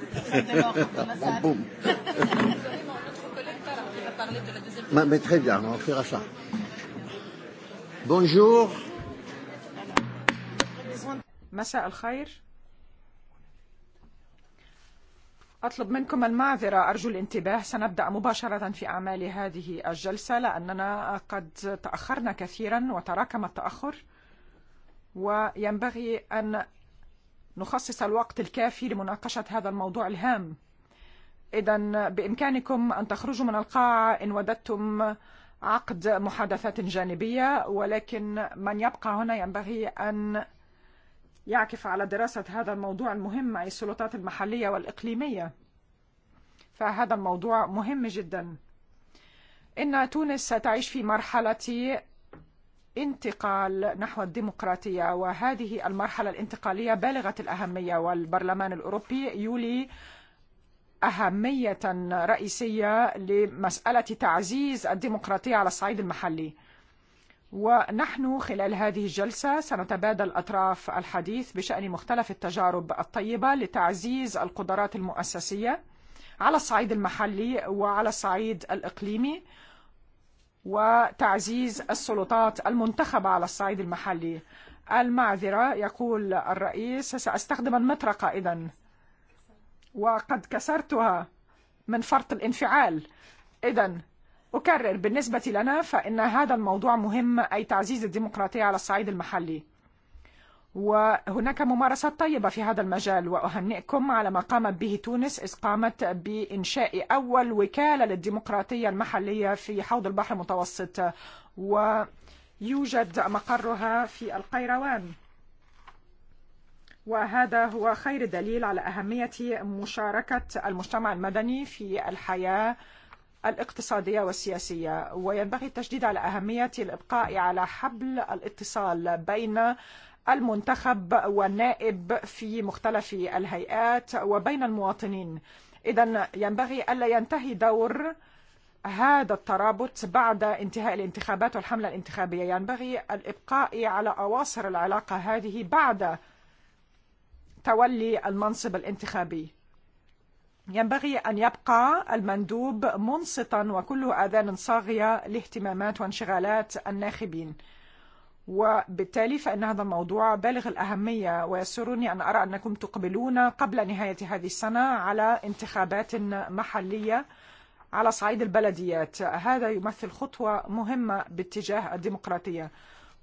bon, boum. mais, mais très bien, on fera ça. Bonjour. al-khair. أطلب منكم المعذرة أرجو الانتباه سنبدأ مباشرة في أعمال هذه الجلسة لأننا قد تأخرنا كثيرا وتراكم التأخر وينبغي أن نخصص الوقت الكافي لمناقشة هذا الموضوع الهام إذا بإمكانكم أن تخرجوا من القاعة إن وددتم عقد محادثات جانبية ولكن من يبقى هنا ينبغي أن يعكف على دراسة هذا الموضوع المهم مع السلطات المحلية والإقليمية فهذا الموضوع مهم جدا إن تونس ستعيش في مرحلة انتقال نحو الديمقراطية وهذه المرحلة الانتقالية بالغة الأهمية والبرلمان الأوروبي يولي أهمية رئيسية لمسألة تعزيز الديمقراطية على الصعيد المحلي ونحن خلال هذه الجلسة سنتبادل أطراف الحديث بشأن مختلف التجارب الطيبة لتعزيز القدرات المؤسسية على الصعيد المحلي وعلى الصعيد الإقليمي وتعزيز السلطات المنتخبة على الصعيد المحلي المعذرة يقول الرئيس سأستخدم المطرقة إذا وقد كسرتها من فرط الانفعال إذا أكرر بالنسبة لنا فإن هذا الموضوع مهم أي تعزيز الديمقراطية على الصعيد المحلي وهناك ممارسة طيبة في هذا المجال وأهنئكم على ما قامت به تونس إذ قامت بإنشاء أول وكالة للديمقراطية المحلية في حوض البحر المتوسط ويوجد مقرها في القيروان وهذا هو خير دليل على أهمية مشاركة المجتمع المدني في الحياة الاقتصادية والسياسية وينبغي التشديد على أهمية الإبقاء على حبل الاتصال بين المنتخب والنائب في مختلف الهيئات وبين المواطنين إذا ينبغي ألا ينتهي دور هذا الترابط بعد انتهاء الانتخابات والحملة الانتخابية ينبغي الإبقاء على أواصر العلاقة هذه بعد تولي المنصب الانتخابي ينبغي أن يبقى المندوب منصتا وكل آذان صاغية لاهتمامات وانشغالات الناخبين وبالتالي فإن هذا الموضوع بالغ الأهمية ويسرني أن أرى أنكم تقبلون قبل نهاية هذه السنة على انتخابات محلية على صعيد البلديات هذا يمثل خطوة مهمة باتجاه الديمقراطية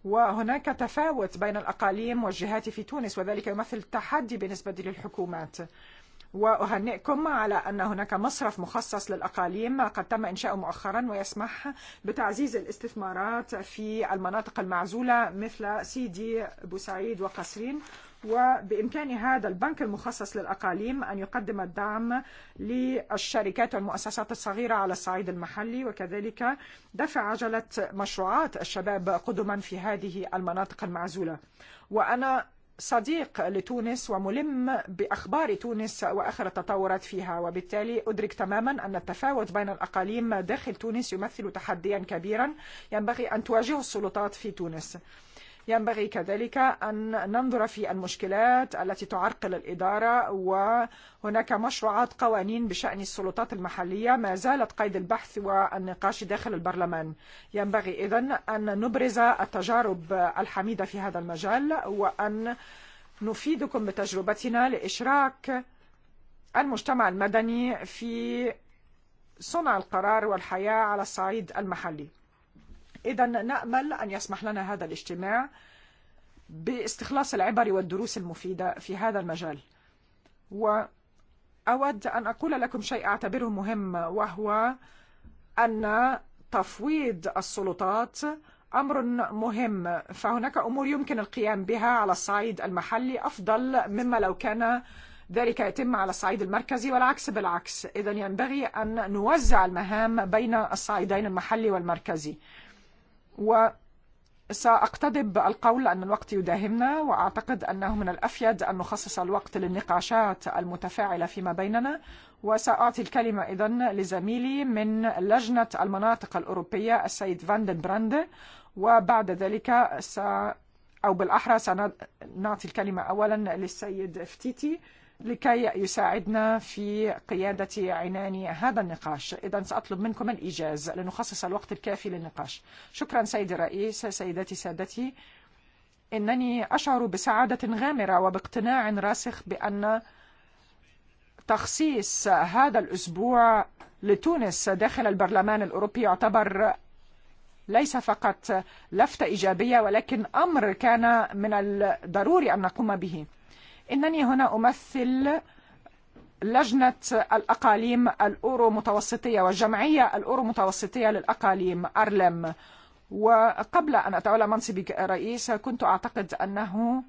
وهناك تفاوت بين الأقاليم والجهات في تونس وذلك يمثل تحدي بالنسبة للحكومات وأهنئكم على أن هناك مصرف مخصص للأقاليم قد تم إنشاؤه مؤخرا ويسمح بتعزيز الاستثمارات في المناطق المعزولة مثل سيدي بوسعيد وقصرين وبإمكان هذا البنك المخصص للأقاليم أن يقدم الدعم للشركات والمؤسسات الصغيرة على الصعيد المحلي وكذلك دفع عجلة مشروعات الشباب قدما في هذه المناطق المعزولة وأنا صديق لتونس وملم بأخبار تونس وأخرى تطورت فيها وبالتالي أدرك تماما أن التفاوت بين الأقاليم داخل تونس يمثل تحديا كبيرا ينبغي أن تواجه السلطات في تونس. ينبغي كذلك أن ننظر في المشكلات التي تعرقل الإدارة وهناك مشروعات قوانين بشأن السلطات المحلية ما زالت قيد البحث والنقاش داخل البرلمان ينبغي إذن أن نبرز التجارب الحميدة في هذا المجال وأن نفيدكم بتجربتنا لإشراك المجتمع المدني في صنع القرار والحياة على الصعيد المحلي إذا نأمل أن يسمح لنا هذا الاجتماع باستخلاص العبر والدروس المفيدة في هذا المجال وأود أن أقول لكم شيء أعتبره مهم وهو أن تفويض السلطات أمر مهم فهناك أمور يمكن القيام بها على الصعيد المحلي أفضل مما لو كان ذلك يتم على الصعيد المركزي والعكس بالعكس إذا ينبغي أن نوزع المهام بين الصعيدين المحلي والمركزي وسأقتدب القول أن الوقت يداهمنا وأعتقد أنه من الأفيد أن نخصص الوقت للنقاشات المتفاعلة فيما بيننا وسأعطي الكلمة إذن لزميلي من لجنة المناطق الأوروبية السيد فاندن براند وبعد ذلك س أو بالأحرى سنعطي الكلمة أولا للسيد فتيتي لكي يساعدنا في قيادة عنان هذا النقاش إذا سأطلب منكم الإيجاز لنخصص الوقت الكافي للنقاش شكرا سيدي الرئيس سيداتي سادتي إنني أشعر بسعادة غامرة وباقتناع راسخ بأن تخصيص هذا الأسبوع لتونس داخل البرلمان الأوروبي يعتبر ليس فقط لفتة إيجابية ولكن أمر كان من الضروري أن نقوم به إنني هنا أمثل لجنة الأقاليم الأورو متوسطية والجمعية الأورو متوسطية للأقاليم أرلم وقبل أن أتولى منصبي رئيس كنت أعتقد أنه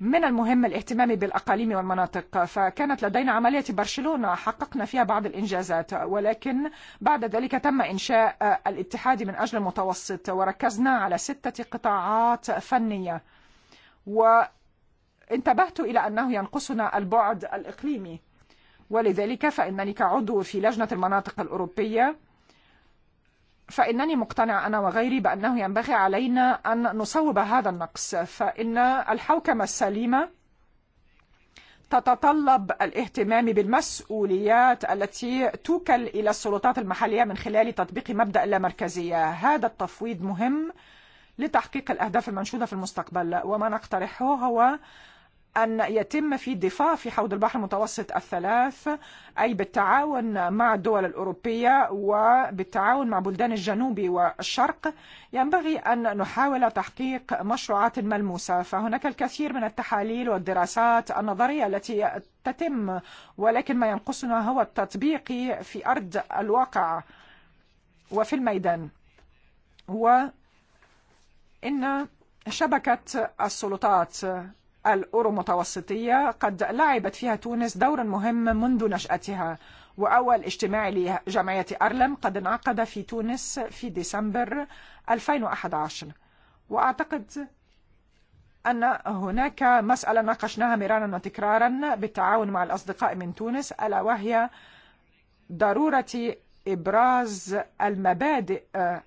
من المهم الاهتمام بالأقاليم والمناطق فكانت لدينا عملية برشلونة حققنا فيها بعض الإنجازات ولكن بعد ذلك تم إنشاء الاتحاد من أجل المتوسط وركزنا على ستة قطاعات فنية و انتبهت إلى أنه ينقصنا البعد الإقليمي ولذلك فإنني كعضو في لجنة المناطق الأوروبية فإنني مقتنع أنا وغيري بأنه ينبغي علينا أن نصوب هذا النقص فإن الحوكمة السليمة تتطلب الاهتمام بالمسؤوليات التي توكل إلى السلطات المحلية من خلال تطبيق مبدأ لا مركزية هذا التفويض مهم لتحقيق الأهداف المنشودة في المستقبل وما نقترحه هو أن يتم في دفاع في حوض البحر المتوسط الثلاث أي بالتعاون مع الدول الأوروبية وبالتعاون مع بلدان الجنوب والشرق ينبغي أن نحاول تحقيق مشروعات ملموسة فهناك الكثير من التحاليل والدراسات النظرية التي تتم ولكن ما ينقصنا هو التطبيق في أرض الواقع وفي الميدان وإن شبكة السلطات الأورو متوسطية قد لعبت فيها تونس دورا مهما منذ نشأتها وأول اجتماع لجمعية أرلم قد انعقد في تونس في ديسمبر 2011 وأعتقد أن هناك مسألة ناقشناها مرارا وتكرارا بالتعاون مع الأصدقاء من تونس ألا وهي ضرورة إبراز المبادئ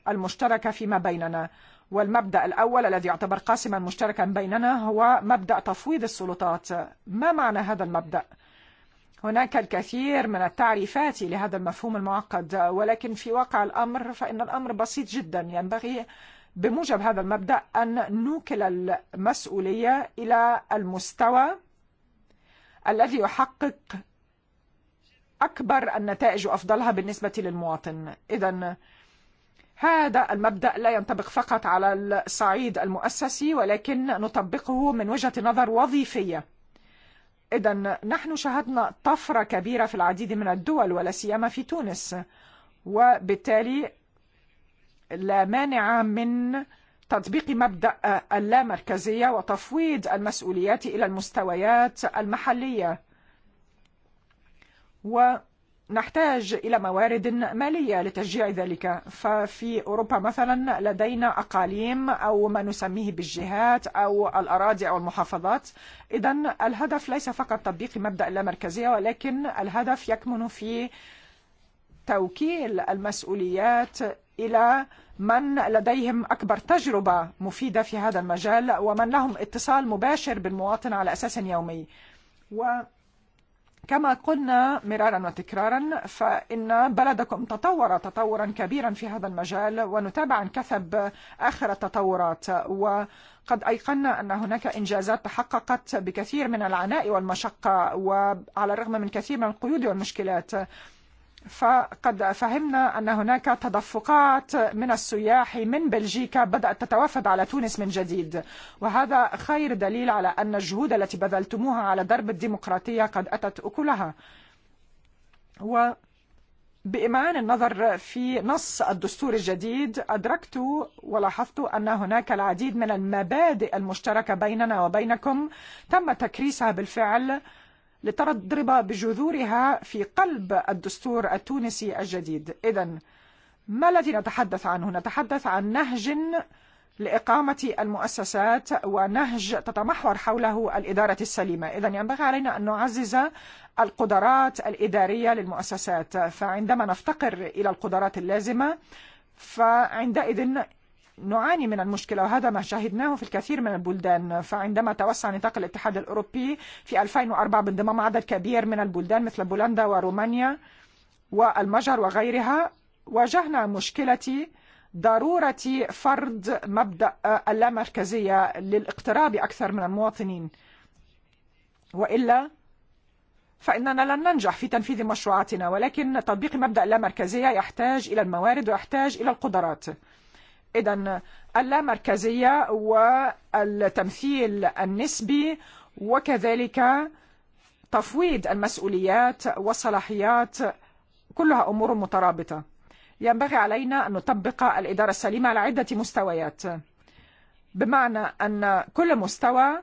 المشتركة فيما بيننا والمبدأ الأول الذي يعتبر قاسما مشتركا بيننا هو مبدأ تفويض السلطات ما معنى هذا المبدأ؟ هناك الكثير من التعريفات لهذا المفهوم المعقد ولكن في واقع الأمر فإن الأمر بسيط جدا ينبغي بموجب هذا المبدأ أن نوكل المسؤولية إلى المستوى الذي يحقق أكبر النتائج وأفضلها بالنسبة للمواطن إذا هذا المبدأ لا ينطبق فقط على الصعيد المؤسسي ولكن نطبقه من وجهة نظر وظيفية إذا نحن شاهدنا طفرة كبيرة في العديد من الدول ولا سيما في تونس وبالتالي لا مانع من تطبيق مبدأ اللامركزية وتفويض المسؤوليات إلى المستويات المحلية وبالتالي نحتاج إلى موارد مالية لتشجيع ذلك ففي أوروبا مثلا لدينا أقاليم أو ما نسميه بالجهات أو الأراضي أو المحافظات إذا الهدف ليس فقط تطبيق مبدأ اللامركزية ولكن الهدف يكمن في توكيل المسؤوليات إلى من لديهم أكبر تجربة مفيدة في هذا المجال ومن لهم اتصال مباشر بالمواطن على أساس يومي و wa tikraran, Fa inna Baladakum Tatawara, Tatawuran, Kabiran fi في al-majal, wa nutaba'an kathab آخر التطورات wa قد أيقنا أن هناك إنجازات تحققت بكثير من العناء والمشقة وعلى الرغم من كثير من القيود والمشكلات فقد فهمنا أن هناك تدفقات من السياح من بلجيكا بدأت تتوافد على تونس من جديد وهذا خير دليل على أن الجهود التي بذلتموها على درب الديمقراطية قد أتت أكلها و بإمعان النظر في نص الدستور الجديد أدركت ولاحظت أن هناك العديد من المبادئ المشتركة بيننا وبينكم تم تكريسها بالفعل لترضرب بجذورها في قلب الدستور التونسي الجديد إذا ما الذي نتحدث عنه؟ نتحدث عن نهج لإقامة المؤسسات ونهج تتمحور حوله الإدارة السليمة إذا ينبغي علينا أن نعزز القدرات الإدارية للمؤسسات فعندما نفتقر إلى القدرات اللازمة فعندئذ نعاني من المشكلة وهذا ما شاهدناه في الكثير من البلدان فعندما توسع نطاق الاتحاد الأوروبي في 2004 بانضمام عدد كبير من البلدان مثل بولندا ورومانيا والمجر وغيرها واجهنا مشكلة ضرورة فرض مبدأ اللامركزية للاقتراب أكثر من المواطنين وإلا فإننا لن ننجح في تنفيذ مشروعاتنا ولكن تطبيق مبدأ اللامركزية يحتاج إلى الموارد ويحتاج إلى القدرات إذا اللامركزية والتمثيل النسبي وكذلك تفويض المسؤوليات والصلاحيات كلها أمور مترابطة ينبغي علينا أن نطبق الإدارة السليمة على عدة مستويات بمعنى أن كل مستوى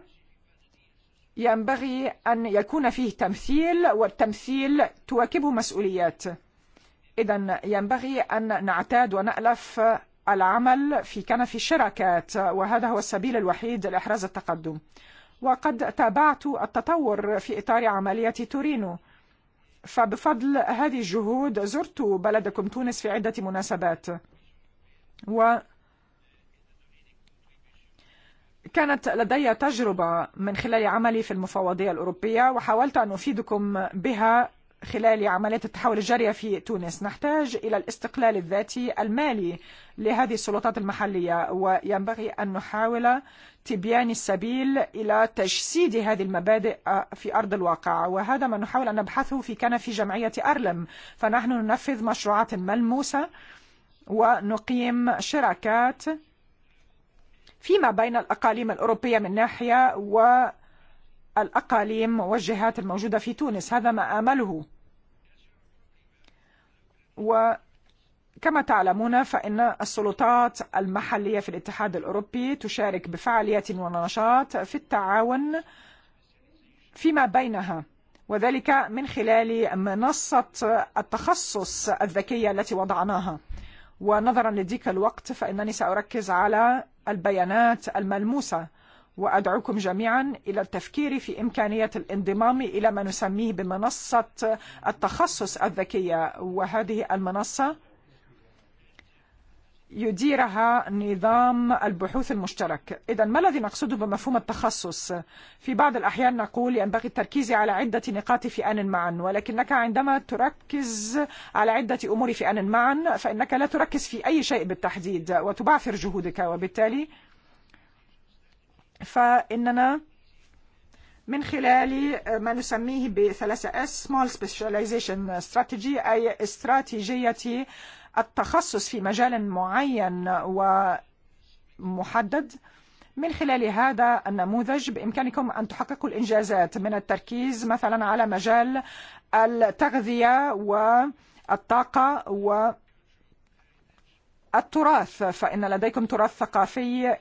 ينبغي أن يكون فيه تمثيل والتمثيل تواكب مسؤوليات إذا ينبغي أن نعتاد ونألف العمل في كنف الشراكات وهذا هو السبيل الوحيد لإحراز التقدم وقد تابعت التطور في إطار عملية تورينو فبفضل هذه الجهود زرت بلدكم تونس في عدة مناسبات و كانت لدي تجربة من خلال عملي في المفوضية الأوروبية وحاولت أن أفيدكم بها خلال عمليات التحول الجارية في تونس نحتاج إلى الاستقلال الذاتي المالي لهذه السلطات المحلية وينبغي أن نحاول تبيان السبيل إلى تجسيد هذه المبادئ في أرض الواقع وهذا ما نحاول أن نبحثه في كان في جمعية أرلم فنحن ننفذ مشروعات ملموسة ونقيم شراكات فيما بين الأقاليم الأوروبية من ناحية و الأقاليم والجهات الموجودة في تونس هذا ما آمله u kama ta'lam fa inna as-sulutat al-mahalliya fil ittihad al-Ewropi tusharik bi fa'aliyatin wa nashat fi at-ta'awun fima baynaha wa dhalika min khilali manassat at-takhassus adh-dhakiyya allati wada'naha wa nadharan li dhika al-waqt fa innani sa'urakkiz ala al-bayanat al-malmusa وأدعوكم جميعا إلى التفكير في إمكانية الانضمام إلى ما نسميه بمنصة التخصص الذكية وهذه المنصة يديرها نظام البحوث المشترك إذا ما الذي نقصده بمفهوم التخصص في بعض الأحيان نقول ينبغي التركيز على عدة نقاط في آن معا ولكنك عندما تركز على عدة أمور في آن معا فإنك لا تركز في أي شيء بالتحديد وتبعثر جهودك وبالتالي فإننا من خلال ما نسميه بثلاثة S Small Specialization Strategy أي استراتيجية التخصص في مجال معين ومحدد من خلال هذا النموذج بإمكانكم أن تحققوا الإنجازات من التركيز مثلا على مجال التغذية والطاقة و التراث فإن لديكم تراث ثقافي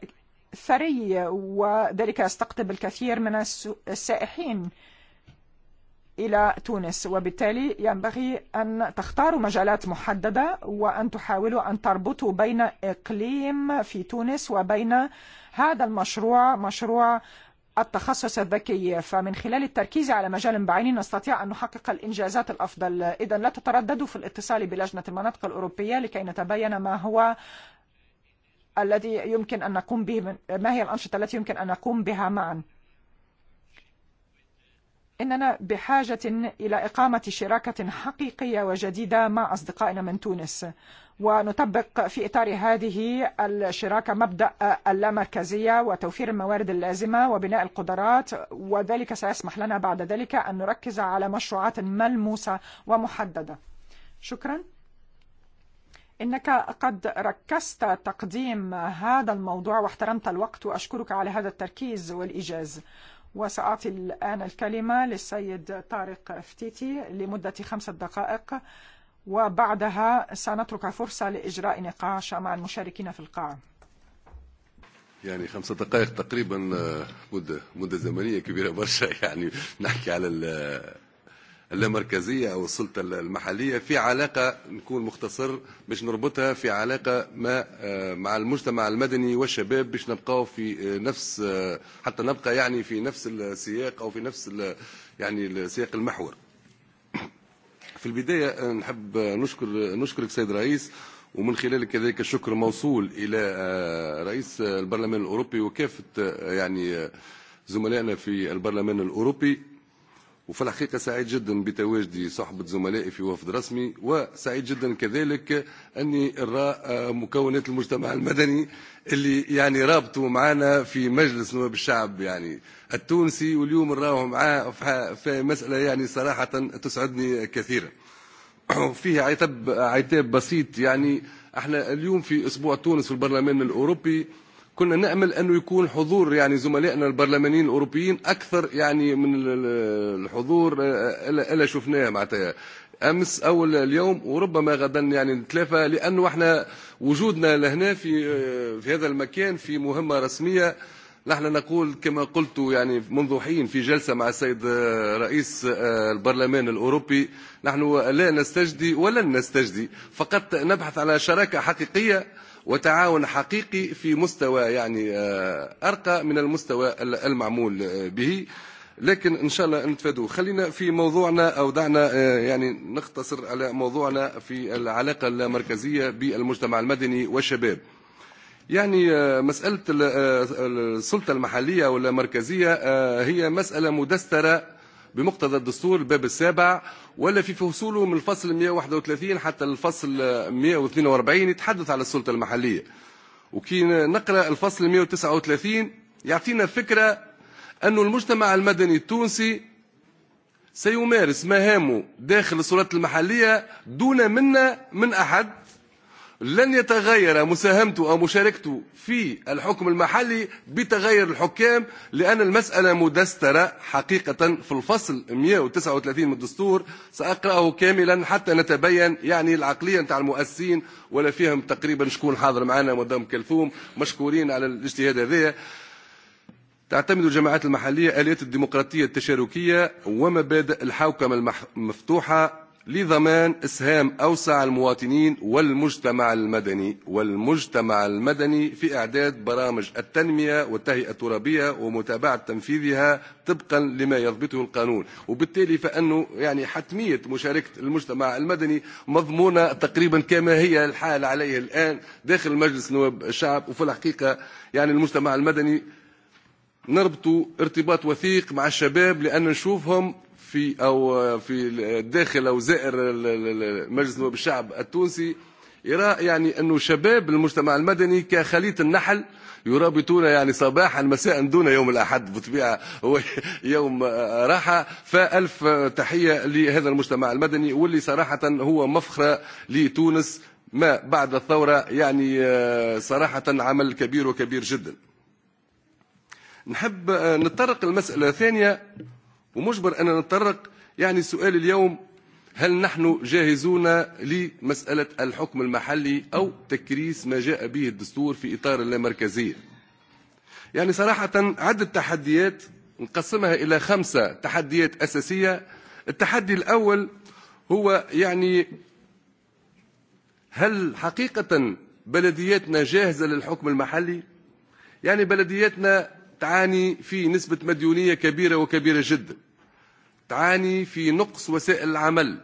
ثري وذلك يستقطب الكثير من السائحين إلى تونس وبالتالي ينبغي أن تختاروا مجالات محددة وأن تحاولوا أن تربطوا بين إقليم في تونس وبين هذا المشروع مشروع التخصص الذكي فمن خلال التركيز على مجال بعينه نستطيع أن نحقق الإنجازات الأفضل إذا لا تترددوا في الاتصال بلجنة المناطق الأوروبية لكي نتبين ما هو الذي يمكن أن نقوم به من ما هي الأنشطة التي يمكن أن نقوم بها معا إننا بحاجة إلى إقامة شراكة حقيقية وجديدة مع أصدقائنا من تونس ونطبق في إطار هذه الشراكة مبدأ اللامركزية وتوفير الموارد اللازمة وبناء القدرات وذلك سيسمح لنا بعد ذلك أن نركز على مشروعات ملموسة ومحددة شكراً إنك قد ركزت تقديم هذا الموضوع واحترمت الوقت وأشكرك على هذا التركيز والإجاز وسأعطي الآن الكلمة للسيد طارق فتيتي لمدة خمسة دقائق وبعدها سنترك فرصة لإجراء نقاش مع المشاركين في القاعة يعني خمسة دقائق تقريبا مدة مدة زمنية كبيرة برشا يعني نحكي على اللامركزية أو السلطة المحلية في علاقة نكون مختصر باش نربطها في علاقة ما مع المجتمع المدني والشباب باش نبقاو في نفس حتى نبقى يعني في نفس السياق أو في نفس يعني السياق المحور في البداية نحب نشكر نشكرك سيد الرئيس ومن خلال كذلك الشكر موصول إلى رئيس البرلمان الأوروبي وكافة يعني زملائنا في البرلمان الأوروبي وفي الحقيقة سعيد جدا بتواجدي صحبة زملائي في وفد رسمي وسعيد جدا كذلك أني أرى مكونات المجتمع المدني اللي يعني رابطوا معنا في مجلس نواب الشعب يعني التونسي واليوم نراهم معاه في مسألة يعني صراحة تسعدني كثيرا فيها عتاب عتاب بسيط يعني احنا اليوم في اسبوع تونس في البرلمان الاوروبي آه كنا نأمل أنه يكون حضور يعني زملائنا البرلمانيين الأوروبيين أكثر يعني من الحضور إلا شفناه معتها أمس أو اليوم وربما غدا يعني نتلافى لأنه احنا وجودنا لهنا في في هذا المكان في مهمة رسمية نحن نقول كما قلت يعني منذ حين في جلسة مع السيد رئيس البرلمان الأوروبي نحن لا نستجدي ولن نستجدي فقط نبحث على شراكة حقيقية وتعاون حقيقي في مستوى يعني أرقى من المستوى المعمول به لكن ان شاء الله نتفادوا خلينا في موضوعنا او دعنا يعني نختصر على موضوعنا في العلاقه المركزيه بالمجتمع المدني والشباب يعني مساله السلطه المحليه والمركزيه هي مساله مدستره بمقتضى الدستور الباب السابع ولا في فصوله من الفصل 131 حتى الفصل 142 يتحدث على السلطة المحلية وكي نقرأ الفصل 139 يعطينا فكرة أن المجتمع المدني التونسي سيمارس مهامه داخل السلطة المحلية دون منا من أحد لن يتغير مساهمته أو مشاركته في الحكم المحلي بتغير الحكام لأن المسألة مدسترة حقيقة في الفصل 139 من الدستور سأقرأه كاملا حتى نتبين يعني العقلية نتاع المؤسسين ولا فيهم تقريبا شكون حاضر معنا مدام كلثوم مشكورين على الاجتهاد هذا تعتمد الجماعات المحلية آلية الديمقراطية التشاركية ومبادئ الحوكمة المفتوحة لضمان إسهام أوسع المواطنين والمجتمع المدني والمجتمع المدني في إعداد برامج التنمية والتهيئة الترابية ومتابعة تنفيذها طبقا لما يضبطه القانون وبالتالي فأنه يعني حتمية مشاركة المجتمع المدني مضمونة تقريبا كما هي الحال عليه الآن داخل مجلس نواب الشعب وفي الحقيقة يعني المجتمع المدني نربط ارتباط وثيق مع الشباب لأن نشوفهم في او في الداخل او زائر مجلس نواب الشعب التونسي يرى يعني انه شباب المجتمع المدني كخليط النحل يرابطون يعني صباحا مساء دون يوم الاحد بطبيعه هو يوم راحه فالف تحيه لهذا المجتمع المدني واللي صراحه هو مفخره لتونس ما بعد الثورة يعني صراحة عمل كبير وكبير جدا نحب نتطرق المسألة الثانية ومجبر أن نتطرق يعني السؤال اليوم هل نحن جاهزون لمسألة الحكم المحلي أو تكريس ما جاء به الدستور في إطار اللامركزية يعني صراحة عدة تحديات نقسمها إلى خمسة تحديات أساسية التحدي الأول هو يعني هل حقيقة بلدياتنا جاهزة للحكم المحلي؟ يعني بلدياتنا تعاني في نسبة مديونية كبيرة وكبيرة جدا تعاني في نقص وسائل العمل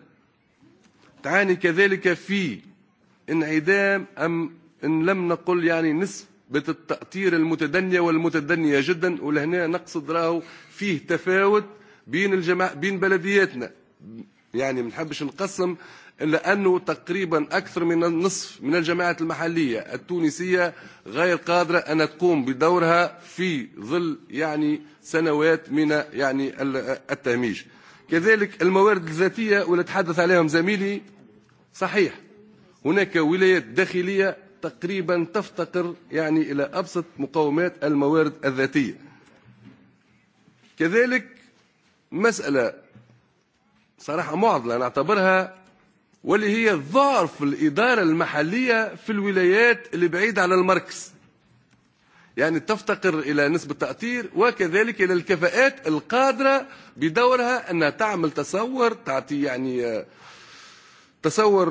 تعاني كذلك في انعدام أم إن لم نقل يعني نسبة التأطير المتدنية والمتدنية جدا ولهنا نقصد راه فيه تفاوت بين الجماع بين بلدياتنا يعني منحبش نقسم إلا أنه تقريبا أكثر من النصف من الجماعات المحلية التونسية غير قادرة أن تقوم بدورها في ظل يعني سنوات من يعني التهميش كذلك الموارد الذاتية والتي تحدث عليهم زميلي صحيح هناك ولايات داخلية تقريبا تفتقر يعني إلى أبسط مقومات الموارد الذاتية كذلك مسألة صراحة معضلة نعتبرها واللي هي الظاهر في الإدارة المحلية في الولايات اللي بعيدة على المركز يعني تفتقر إلى نسبة تأثير وكذلك إلى الكفاءات القادرة بدورها أنها تعمل تصور تعطي يعني تصور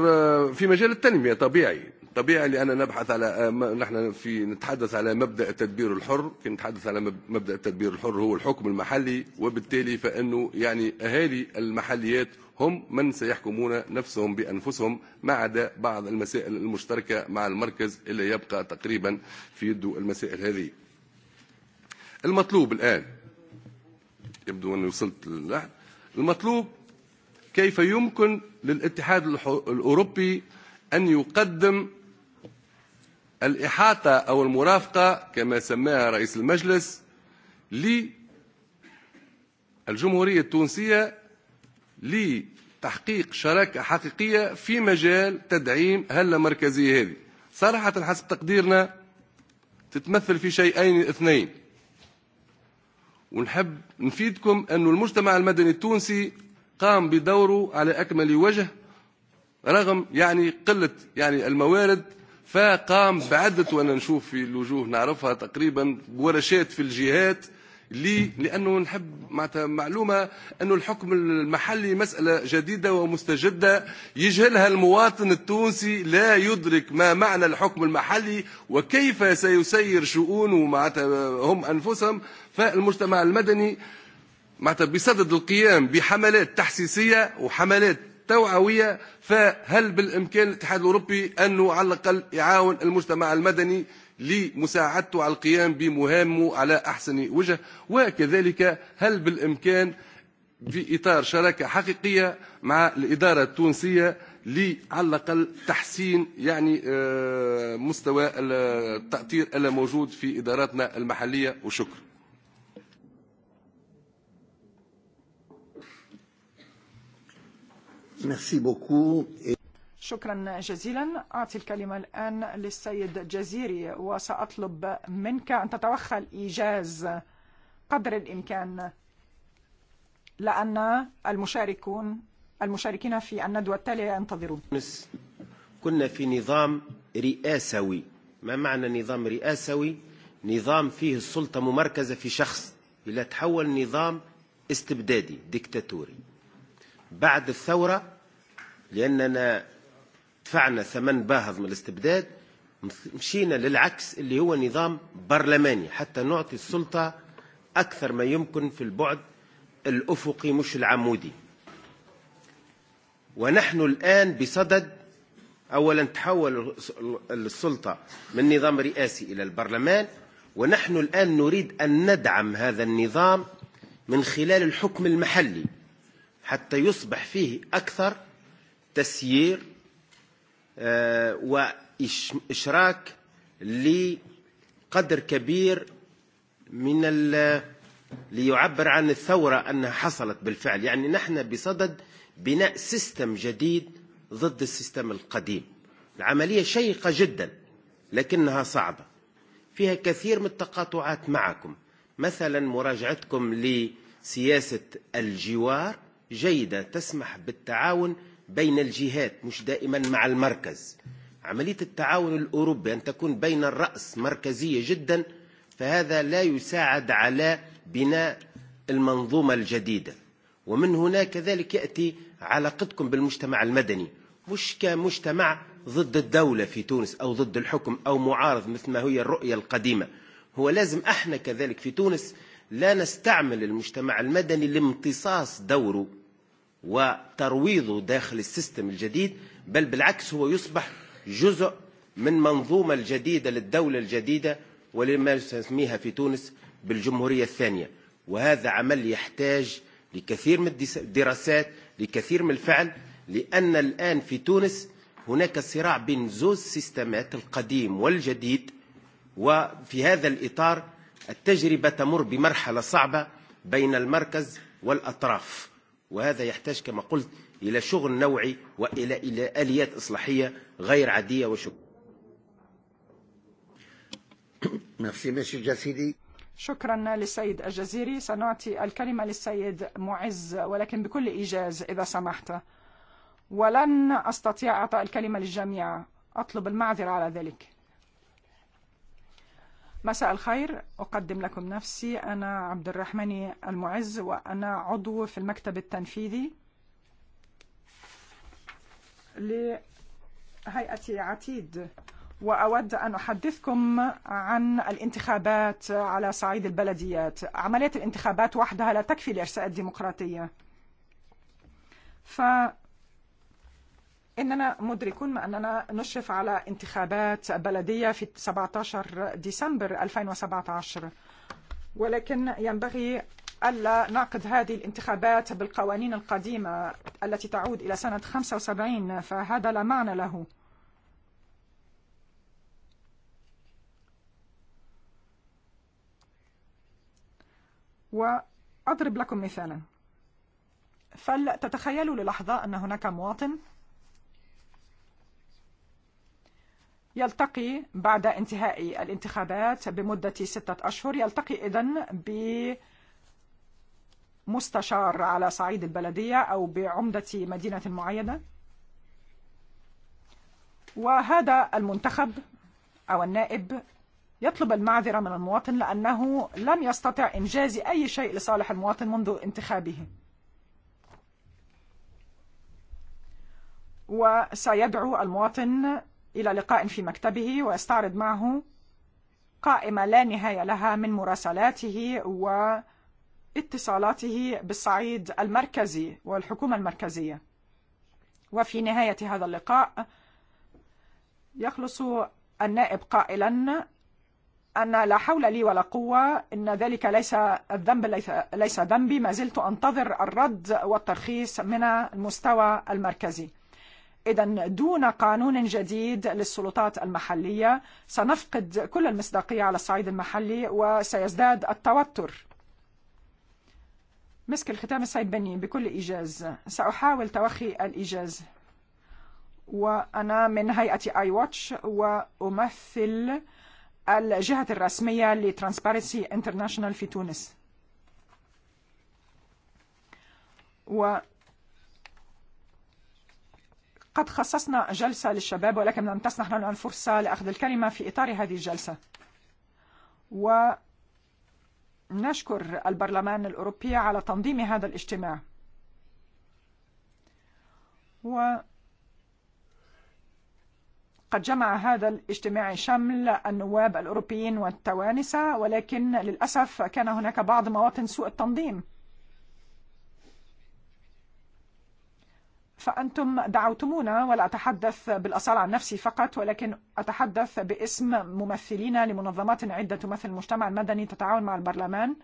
في مجال التنمية طبيعي طبيعي لأننا نبحث على نحن في نتحدث على مبدأ التدبير الحر كي نتحدث على مبدأ التدبير الحر هو الحكم المحلي وبالتالي فإنه يعني أهالي المحليات هم من سيحكمون نفسهم بأنفسهم ما عدا بعض المسائل المشتركة مع المركز اللي يبقى تقريبا في يد المسائل هذه المطلوب الآن يبدو أني وصلت للحد المطلوب كيف يمكن للاتحاد الأوروبي أن يقدم الإحاطة أو المرافقة كما سماها رئيس المجلس للجمهورية التونسية لتحقيق شراكة حقيقية في مجال تدعيم هلة مركزية هذه صراحة حسب تقديرنا تتمثل في شيئين اثنين ونحب نفيدكم أن المجتمع المدني التونسي قام بدوره على أكمل وجه رغم يعني قلة يعني الموارد فقام بعدة وأنا نشوف في الوجوه نعرفها تقريبا ورشات في الجهات لي لانه نحب معلومه انه الحكم المحلي مساله جديده ومستجده يجهلها المواطن التونسي لا يدرك ما معنى الحكم المحلي وكيف سيسير شؤونه هم انفسهم فالمجتمع المدني معناتها بصدد القيام بحملات تحسيسيه وحملات توعوية فهل بالإمكان الاتحاد الأوروبي أنه على الأقل يعاون المجتمع المدني لمساعدته على القيام بمهامه على أحسن وجه وكذلك هل بالإمكان في إطار شراكة حقيقية مع الإدارة التونسية لي على الأقل تحسين يعني مستوى التأطير الموجود في إداراتنا المحلية وشكرا Merci beaucoup. Et... شكرا جزيلا أعطي الكلمة الآن للسيد جزيري وسأطلب منك أن تتوخى الإيجاز قدر الإمكان لأن المشاركون المشاركين في الندوة التالية ينتظرون كنا في نظام رئاسوي ما معنى نظام رئاسوي؟ نظام فيه السلطة ممركزة في شخص إلى تحول نظام استبدادي ديكتاتوري بعد الثورة لأننا دفعنا ثمن باهظ من الاستبداد مشينا للعكس اللي هو نظام برلماني حتى نعطي السلطة أكثر ما يمكن في البعد الأفقي مش العمودي ونحن الآن بصدد أولا تحول السلطة من نظام رئاسي إلى البرلمان ونحن الآن نريد أن ندعم هذا النظام من خلال الحكم المحلي حتى يصبح فيه أكثر تسيير وإشراك لقدر كبير من ليعبر عن الثورة أنها حصلت بالفعل يعني نحن بصدد بناء سيستم جديد ضد السيستم القديم العملية شيقة جدا لكنها صعبة فيها كثير من التقاطعات معكم مثلا مراجعتكم لسياسة الجوار جيدة تسمح بالتعاون بين الجهات مش دائما مع المركز عملية التعاون الأوروبي أن تكون بين الرأس مركزية جدا فهذا لا يساعد على بناء المنظومة الجديدة ومن هنا كذلك يأتي علاقتكم بالمجتمع المدني مش كمجتمع ضد الدولة في تونس أو ضد الحكم أو معارض مثل ما هي الرؤية القديمة هو لازم احنا كذلك في تونس لا نستعمل المجتمع المدني لامتصاص دوره وترويضه داخل السيستم الجديد بل بالعكس هو يصبح جزء من منظومة الجديدة للدولة الجديدة ولما نسميها في تونس بالجمهورية الثانية وهذا عمل يحتاج لكثير من الدراسات لكثير من الفعل لأن الآن في تونس هناك صراع بين زوز سيستمات القديم والجديد وفي هذا الإطار التجربة تمر بمرحلة صعبة بين المركز والأطراف وهذا يحتاج كما قلت إلى شغل نوعي وإلى إلى آليات إصلاحية غير عادية وشكرا شكرا للسيد الجزيري سنعطي الكلمة للسيد معز ولكن بكل إيجاز إذا سمحت ولن أستطيع أعطاء الكلمة للجميع أطلب المعذرة على ذلك مساء الخير أقدم لكم نفسي أنا عبد الرحمن المعز وأنا عضو في المكتب التنفيذي لهيئة عتيد وأود أن أحدثكم عن الانتخابات على صعيد البلديات عملية الانتخابات وحدها لا تكفي لإرساء الديمقراطية ف إننا مدركون أننا نشرف على انتخابات بلدية في 17 ديسمبر 2017 ولكن ينبغي ألا نعقد هذه الانتخابات بالقوانين القديمة التي تعود إلى سنة 75 فهذا لا معنى له وأضرب لكم مثالا فلتتخيلوا للحظة أن هناك مواطن يلتقي بعد انتهاء الانتخابات بمدة ستة أشهر يلتقي إذن بمستشار على صعيد البلدية أو بعمدة مدينة معينة وهذا المنتخب أو النائب يطلب المعذرة من المواطن لأنه لم يستطع إنجاز أي شيء لصالح المواطن منذ انتخابه وسيدعو المواطن إلى لقاء في مكتبه ويستعرض معه قائمة لا نهاية لها من مراسلاته واتصالاته بالصعيد المركزي والحكومة المركزية وفي نهاية هذا اللقاء يخلص النائب قائلا أن لا حول لي ولا قوة إن ذلك ليس الذنب ليس ذنبي ما زلت أنتظر الرد والترخيص من المستوى المركزي إذا دون قانون جديد للسلطات المحلية سنفقد كل المصداقية على الصعيد المحلي وسيزداد التوتر مسك الختام السيد بني بكل إيجاز سأحاول توخي الإيجاز وأنا من هيئة آي واتش وأمثل الجهة الرسمية لترانسبارنسي انترناشونال في تونس و قد خصصنا جلسة للشباب ولكن لم تسنح لنا الفرصة لأخذ الكلمة في إطار هذه الجلسة ونشكر البرلمان الأوروبي على تنظيم هذا الاجتماع وقد جمع هذا الاجتماع شمل النواب الأوروبيين والتوانسة ولكن للأسف كان هناك بعض مواطن سوء التنظيم فأنتم دعوتمونا ولا أتحدث بالأصالة عن نفسي فقط ولكن أتحدث باسم ممثلين لمنظمات عدة تمثل المجتمع المدني تتعاون مع البرلمان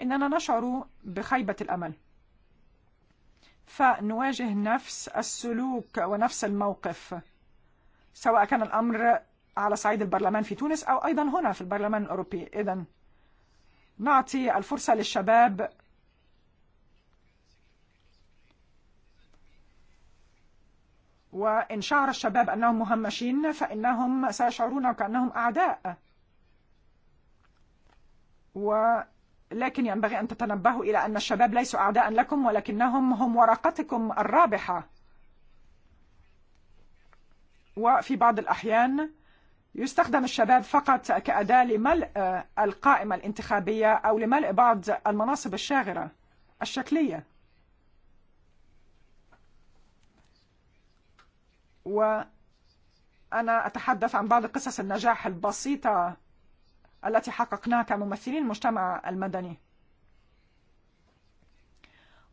إننا نشعر بخيبة الأمل فنواجه نفس السلوك ونفس الموقف سواء كان الأمر على صعيد البرلمان في تونس أو أيضا هنا في البرلمان الأوروبي إذا نعطي الفرصة للشباب وإن شعر الشباب أنهم مهمشين فإنهم سيشعرون كأنهم أعداء ولكن ينبغي أن تتنبهوا إلى أن الشباب ليسوا أعداء لكم ولكنهم هم ورقتكم الرابحة وفي بعض الأحيان يستخدم الشباب فقط كأداة لملء القائمة الانتخابية أو لملء بعض المناصب الشاغرة الشكلية وأنا أتحدث عن بعض قصص النجاح البسيطة التي حققناها كممثلين المجتمع المدني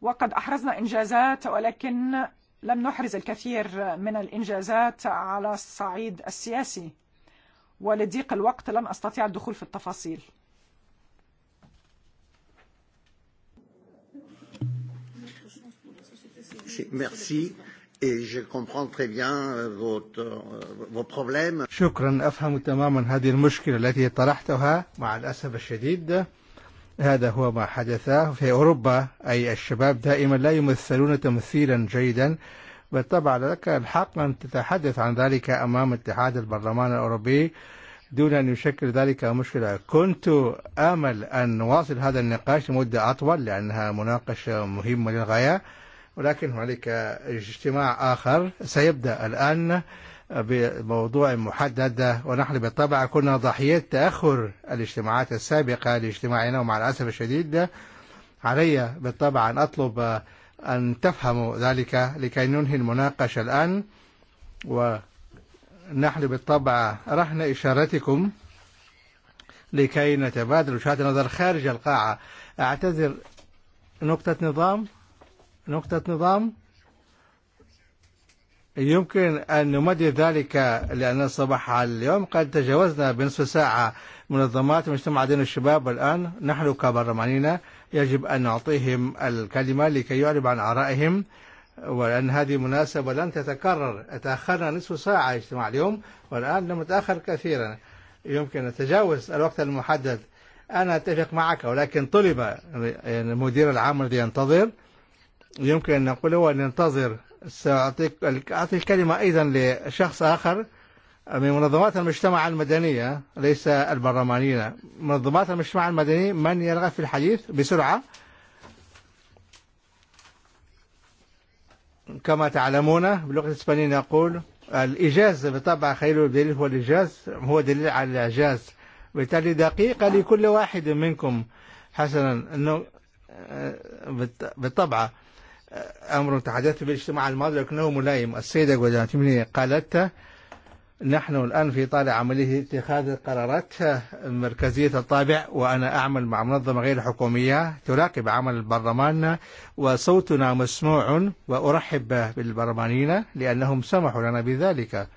وقد أحرزنا إنجازات ولكن لم نحرز الكثير من الإنجازات على الصعيد السياسي ولضيق الوقت لن أستطيع الدخول في التفاصيل Merci je comprends très bien euh, euh, vos problèmes. شكرا أفهم تماما هذه المشكلة التي طرحتها مع الأسف الشديد هذا هو ما حدث في أوروبا أي الشباب دائما لا يمثلون تمثيلا جيدا بالطبع لك الحق أن تتحدث عن ذلك أمام اتحاد البرلمان الأوروبي دون أن يشكل ذلك مشكلة كنت آمل أن نواصل هذا النقاش لمدة أطول لأنها مناقشة مهمة للغاية ولكن هناك اجتماع آخر سيبدأ الآن بموضوع محدد ونحن بالطبع كنا ضحية تأخر الاجتماعات السابقة لاجتماعنا ومع الأسف الشديد علي بالطبع أن أطلب أن تفهموا ذلك لكي ننهي المناقشة الآن ونحن بالطبع رحنا إشارتكم لكي نتبادل وجهات نظر خارج القاعة أعتذر نقطة نظام نقطة نظام يمكن أن نمدد ذلك لأن صباح اليوم قد تجاوزنا بنصف ساعة منظمات مجتمع دين الشباب الآن نحن كبرلمانيين يجب أن نعطيهم الكلمة لكي يعرب عن آرائهم ولأن هذه مناسبة لن تتكرر تأخرنا نصف ساعة اجتماع اليوم والآن لم نتأخر كثيرا يمكن أن نتجاوز الوقت المحدد أنا أتفق معك ولكن طلب المدير العام الذي ينتظر يمكن أن نقوله ننتظر سأعطيك أعطي الكلمة أيضا لشخص آخر من منظمات المجتمع المدنية ليس البرلمانيين منظمات المجتمع المدني من يرغب في الحديث بسرعة كما تعلمون باللغة الإسبانية نقول الإجاز بطبع خير الدليل هو الإجاز هو دليل على الإعجاز بالتالي دقيقة لكل واحد منكم حسنا أنه بالطبع أمر تحدثت بالاجتماع الماضي لكنه ملائم السيدة جوزانتيميني قالت نحن الآن في طالع عملية اتخاذ القرارات مركزية الطابع وأنا أعمل مع منظمة غير حكومية تراقب عمل البرلمان وصوتنا مسموع وأرحب بالبرلمانيين لأنهم سمحوا لنا بذلك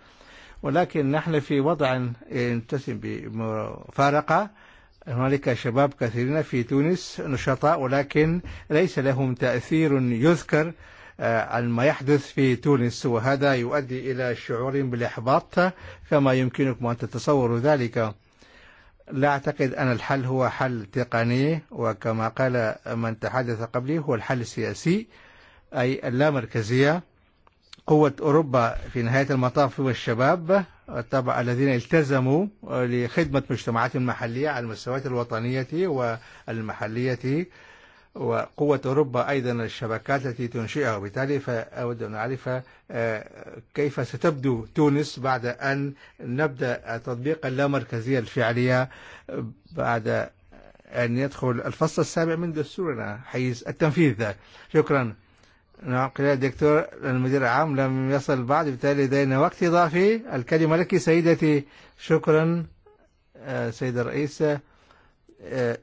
ولكن نحن في وضع يتسم بمفارقة هناك شباب كثيرين في تونس نشطاء ولكن ليس لهم تأثير يذكر عن ما يحدث في تونس وهذا يؤدي إلى شعور بالإحباط كما يمكنكم أن تتصوروا ذلك لا أعتقد أن الحل هو حل تقني وكما قال من تحدث قبلي هو الحل السياسي أي اللامركزية قوة أوروبا في نهاية المطاف والشباب طبعا الذين التزموا لخدمة مجتمعات المحلية على المستويات الوطنية والمحلية وقوة أوروبا أيضا الشبكات التي تنشئها وبالتالي فأود أن أعرف كيف ستبدو تونس بعد أن نبدأ تطبيق اللامركزية الفعلية بعد أن يدخل الفصل السابع من دستورنا حيز التنفيذ شكرا نعم قلت الدكتور المدير العام لم يصل بعد بالتالي لدينا وقت إضافي الكلمة لك سيدتي شكرا سيد الرئيس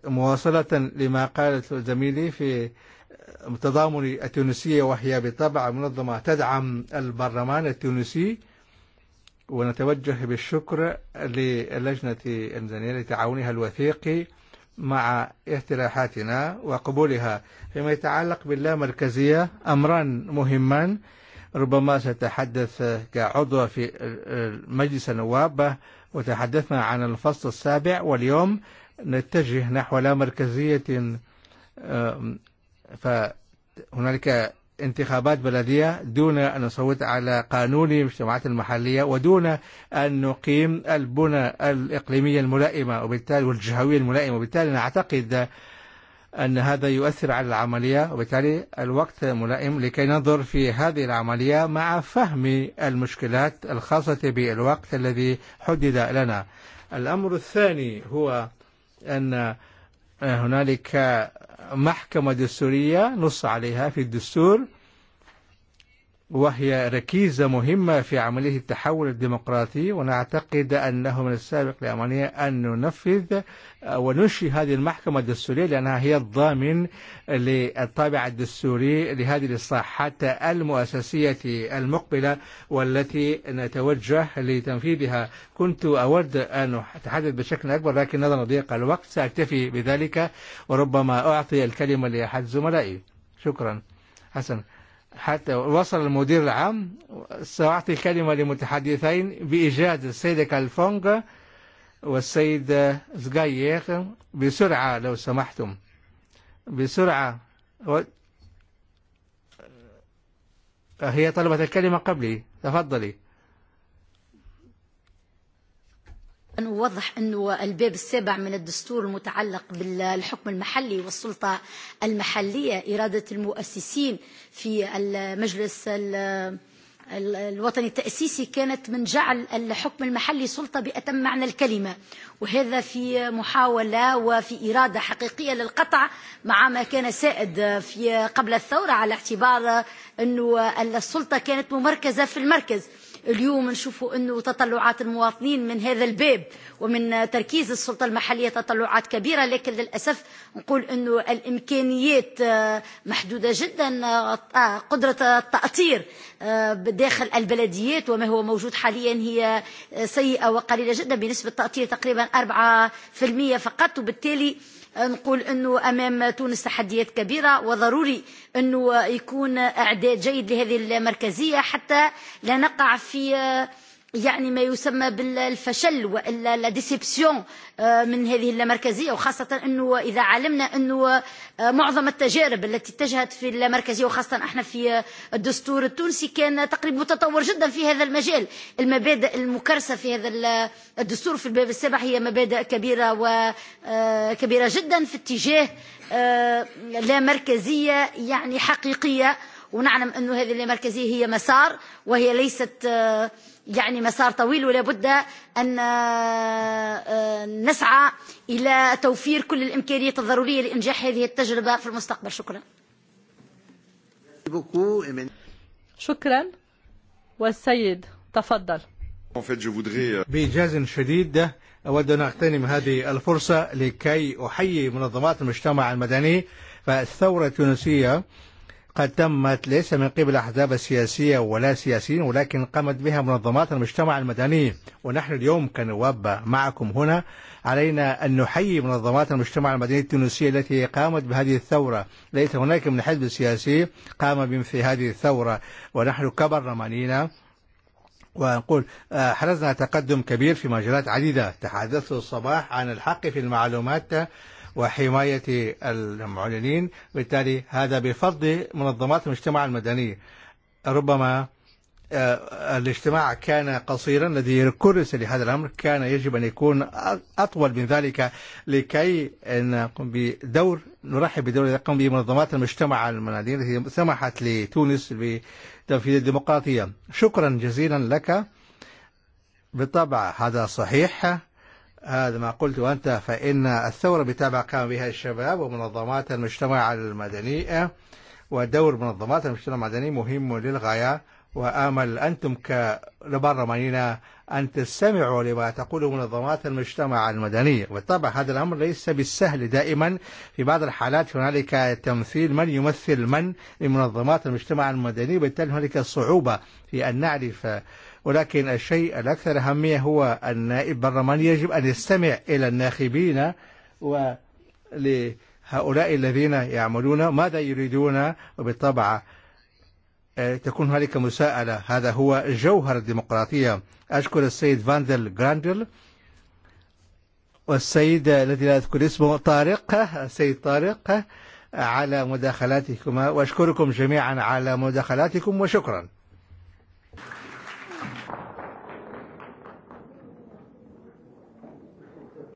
مواصلة لما قالت زميلي في تضامن التونسية وهي بطبع منظمة تدعم البرلمان التونسي ونتوجه بالشكر للجنة الميزانية لتعاونها الوثيقي مع اقتراحاتنا وقبولها فيما يتعلق مركزية أمرا مهما ربما ستحدث كعضو في مجلس النواب وتحدثنا عن الفصل السابع واليوم نتجه نحو لا مركزية فهناك انتخابات بلدية دون أن نصوت على قانون المجتمعات المحلية ودون أن نقيم البنى الإقليمية الملائمة وبالتالي والجهوية الملائمة وبالتالي نعتقد أن هذا يؤثر على العملية وبالتالي الوقت ملائم لكي ننظر في هذه العملية مع فهم المشكلات الخاصة بالوقت الذي حدد لنا الأمر الثاني هو أن هنالك محكمة دستورية نص عليها في الدستور وهي ركيزة مهمة في عملية التحول الديمقراطي ونعتقد أنه من السابق لألمانيا أن ننفذ وننشي هذه المحكمة الدستورية لأنها هي الضامن للطابع الدستوري لهذه الإصلاحات المؤسسية المقبلة والتي نتوجه لتنفيذها كنت أود أن أتحدث بشكل أكبر لكن نظرا ضيق الوقت سأكتفي بذلك وربما أعطي الكلمة لأحد زملائي شكرا حسنا حتى وصل المدير العام سمعت كلمة لمتحدثين بإيجاد السيدة كالفونغ والسيد زقايق بسرعة لو سمحتم بسرعة و... هي طلبت الكلمة قبلي تفضلي وضح أنه الباب السابع من الدستور المتعلق بالحكم المحلي والسلطة المحلية إرادة المؤسسين في المجلس الوطني التأسيسي كانت من جعل الحكم المحلي سلطة بأتم معنى الكلمة وهذا في محاولة وفي إرادة حقيقية للقطع مع ما كان سائد في قبل الثورة على اعتبار أن السلطة كانت ممركزة في المركز اليوم نشوفوا أنه تطلعات المواطنين من هذا الباب ومن تركيز السلطة المحلية تطلعات كبيرة لكن للأسف نقول أنه الإمكانيات محدودة جدا قدرة التأثير داخل البلديات وما هو موجود حاليا هي سيئة وقليلة جدا بنسبة تأثير تقريبا 4% فقط وبالتالي نقول أنه أمام تونس تحديات كبيرة وضروري أنه يكون أعداد جيد لهذه المركزية حتى لا نقع في يعني ما يسمى بالفشل والا لا ديسيبسيون من هذه اللامركزيه وخاصه انه اذا علمنا انه معظم التجارب التي اتجهت في اللامركزيه وخاصه احنا في الدستور التونسي كان تقريبا متطور جدا في هذا المجال المبادئ المكرسه في هذا الدستور في الباب السابع هي مبادئ كبيره وكبيره جدا في اتجاه لا مركزيه يعني حقيقيه ونعلم انه هذه اللامركزيه هي مسار وهي ليست يعني مسار طويل ولا بد أن نسعى إلى توفير كل الإمكانية الضرورية لإنجاح هذه التجربة في المستقبل شكرا شكرا والسيد تفضل euh, بإجاز شديد أود أن أغتنم هذه الفرصة لكي أحيي منظمات المجتمع المدني فالثورة التونسية قد تمت ليس من قبل أحزاب سياسية ولا سياسيين ولكن قامت بها منظمات المجتمع المدني ونحن اليوم كنواب معكم هنا علينا أن نحيي منظمات المجتمع المدني التونسية التي قامت بهذه الثورة ليس هناك من حزب سياسي قام في هذه الثورة ونحن كبرلمانيين ونقول حرزنا تقدم كبير في مجالات عديدة تحدثت الصباح عن الحق في المعلومات وحماية المعلنين بالتالي هذا بفضل منظمات المجتمع المدني ربما الاجتماع كان قصيرا الذي كرس لهذا الأمر كان يجب أن يكون أطول من ذلك لكي نقوم بدور نرحب بدور يقوم بمنظمات المجتمع المدني التي سمحت لتونس بتنفيذ الديمقراطية شكرا جزيلا لك بالطبع هذا صحيح هذا ما قلت أنت فإن الثورة بتابع كان بها الشباب ومنظمات المجتمع المدني ودور منظمات المجتمع المدني مهم للغاية وآمل أنتم كالبرلمانيين أن تستمعوا لما تقوله منظمات المجتمع المدني بالطبع هذا الأمر ليس بالسهل دائما في بعض الحالات هنالك تمثيل من يمثل من لمنظمات المجتمع المدني وبالتالي هنالك صعوبة في أن نعرف ولكن الشيء الأكثر أهمية هو النائب برلماني يجب أن يستمع إلى الناخبين ولهؤلاء الذين يعملون ماذا يريدون وبالطبع تكون هنالك مساءلة هذا هو جوهر الديمقراطية أشكر السيد فاندل جراندل والسيد الذي لا أذكر اسمه طارق السيد طارق على مداخلاتكما وأشكركم جميعا على مداخلاتكم وشكرا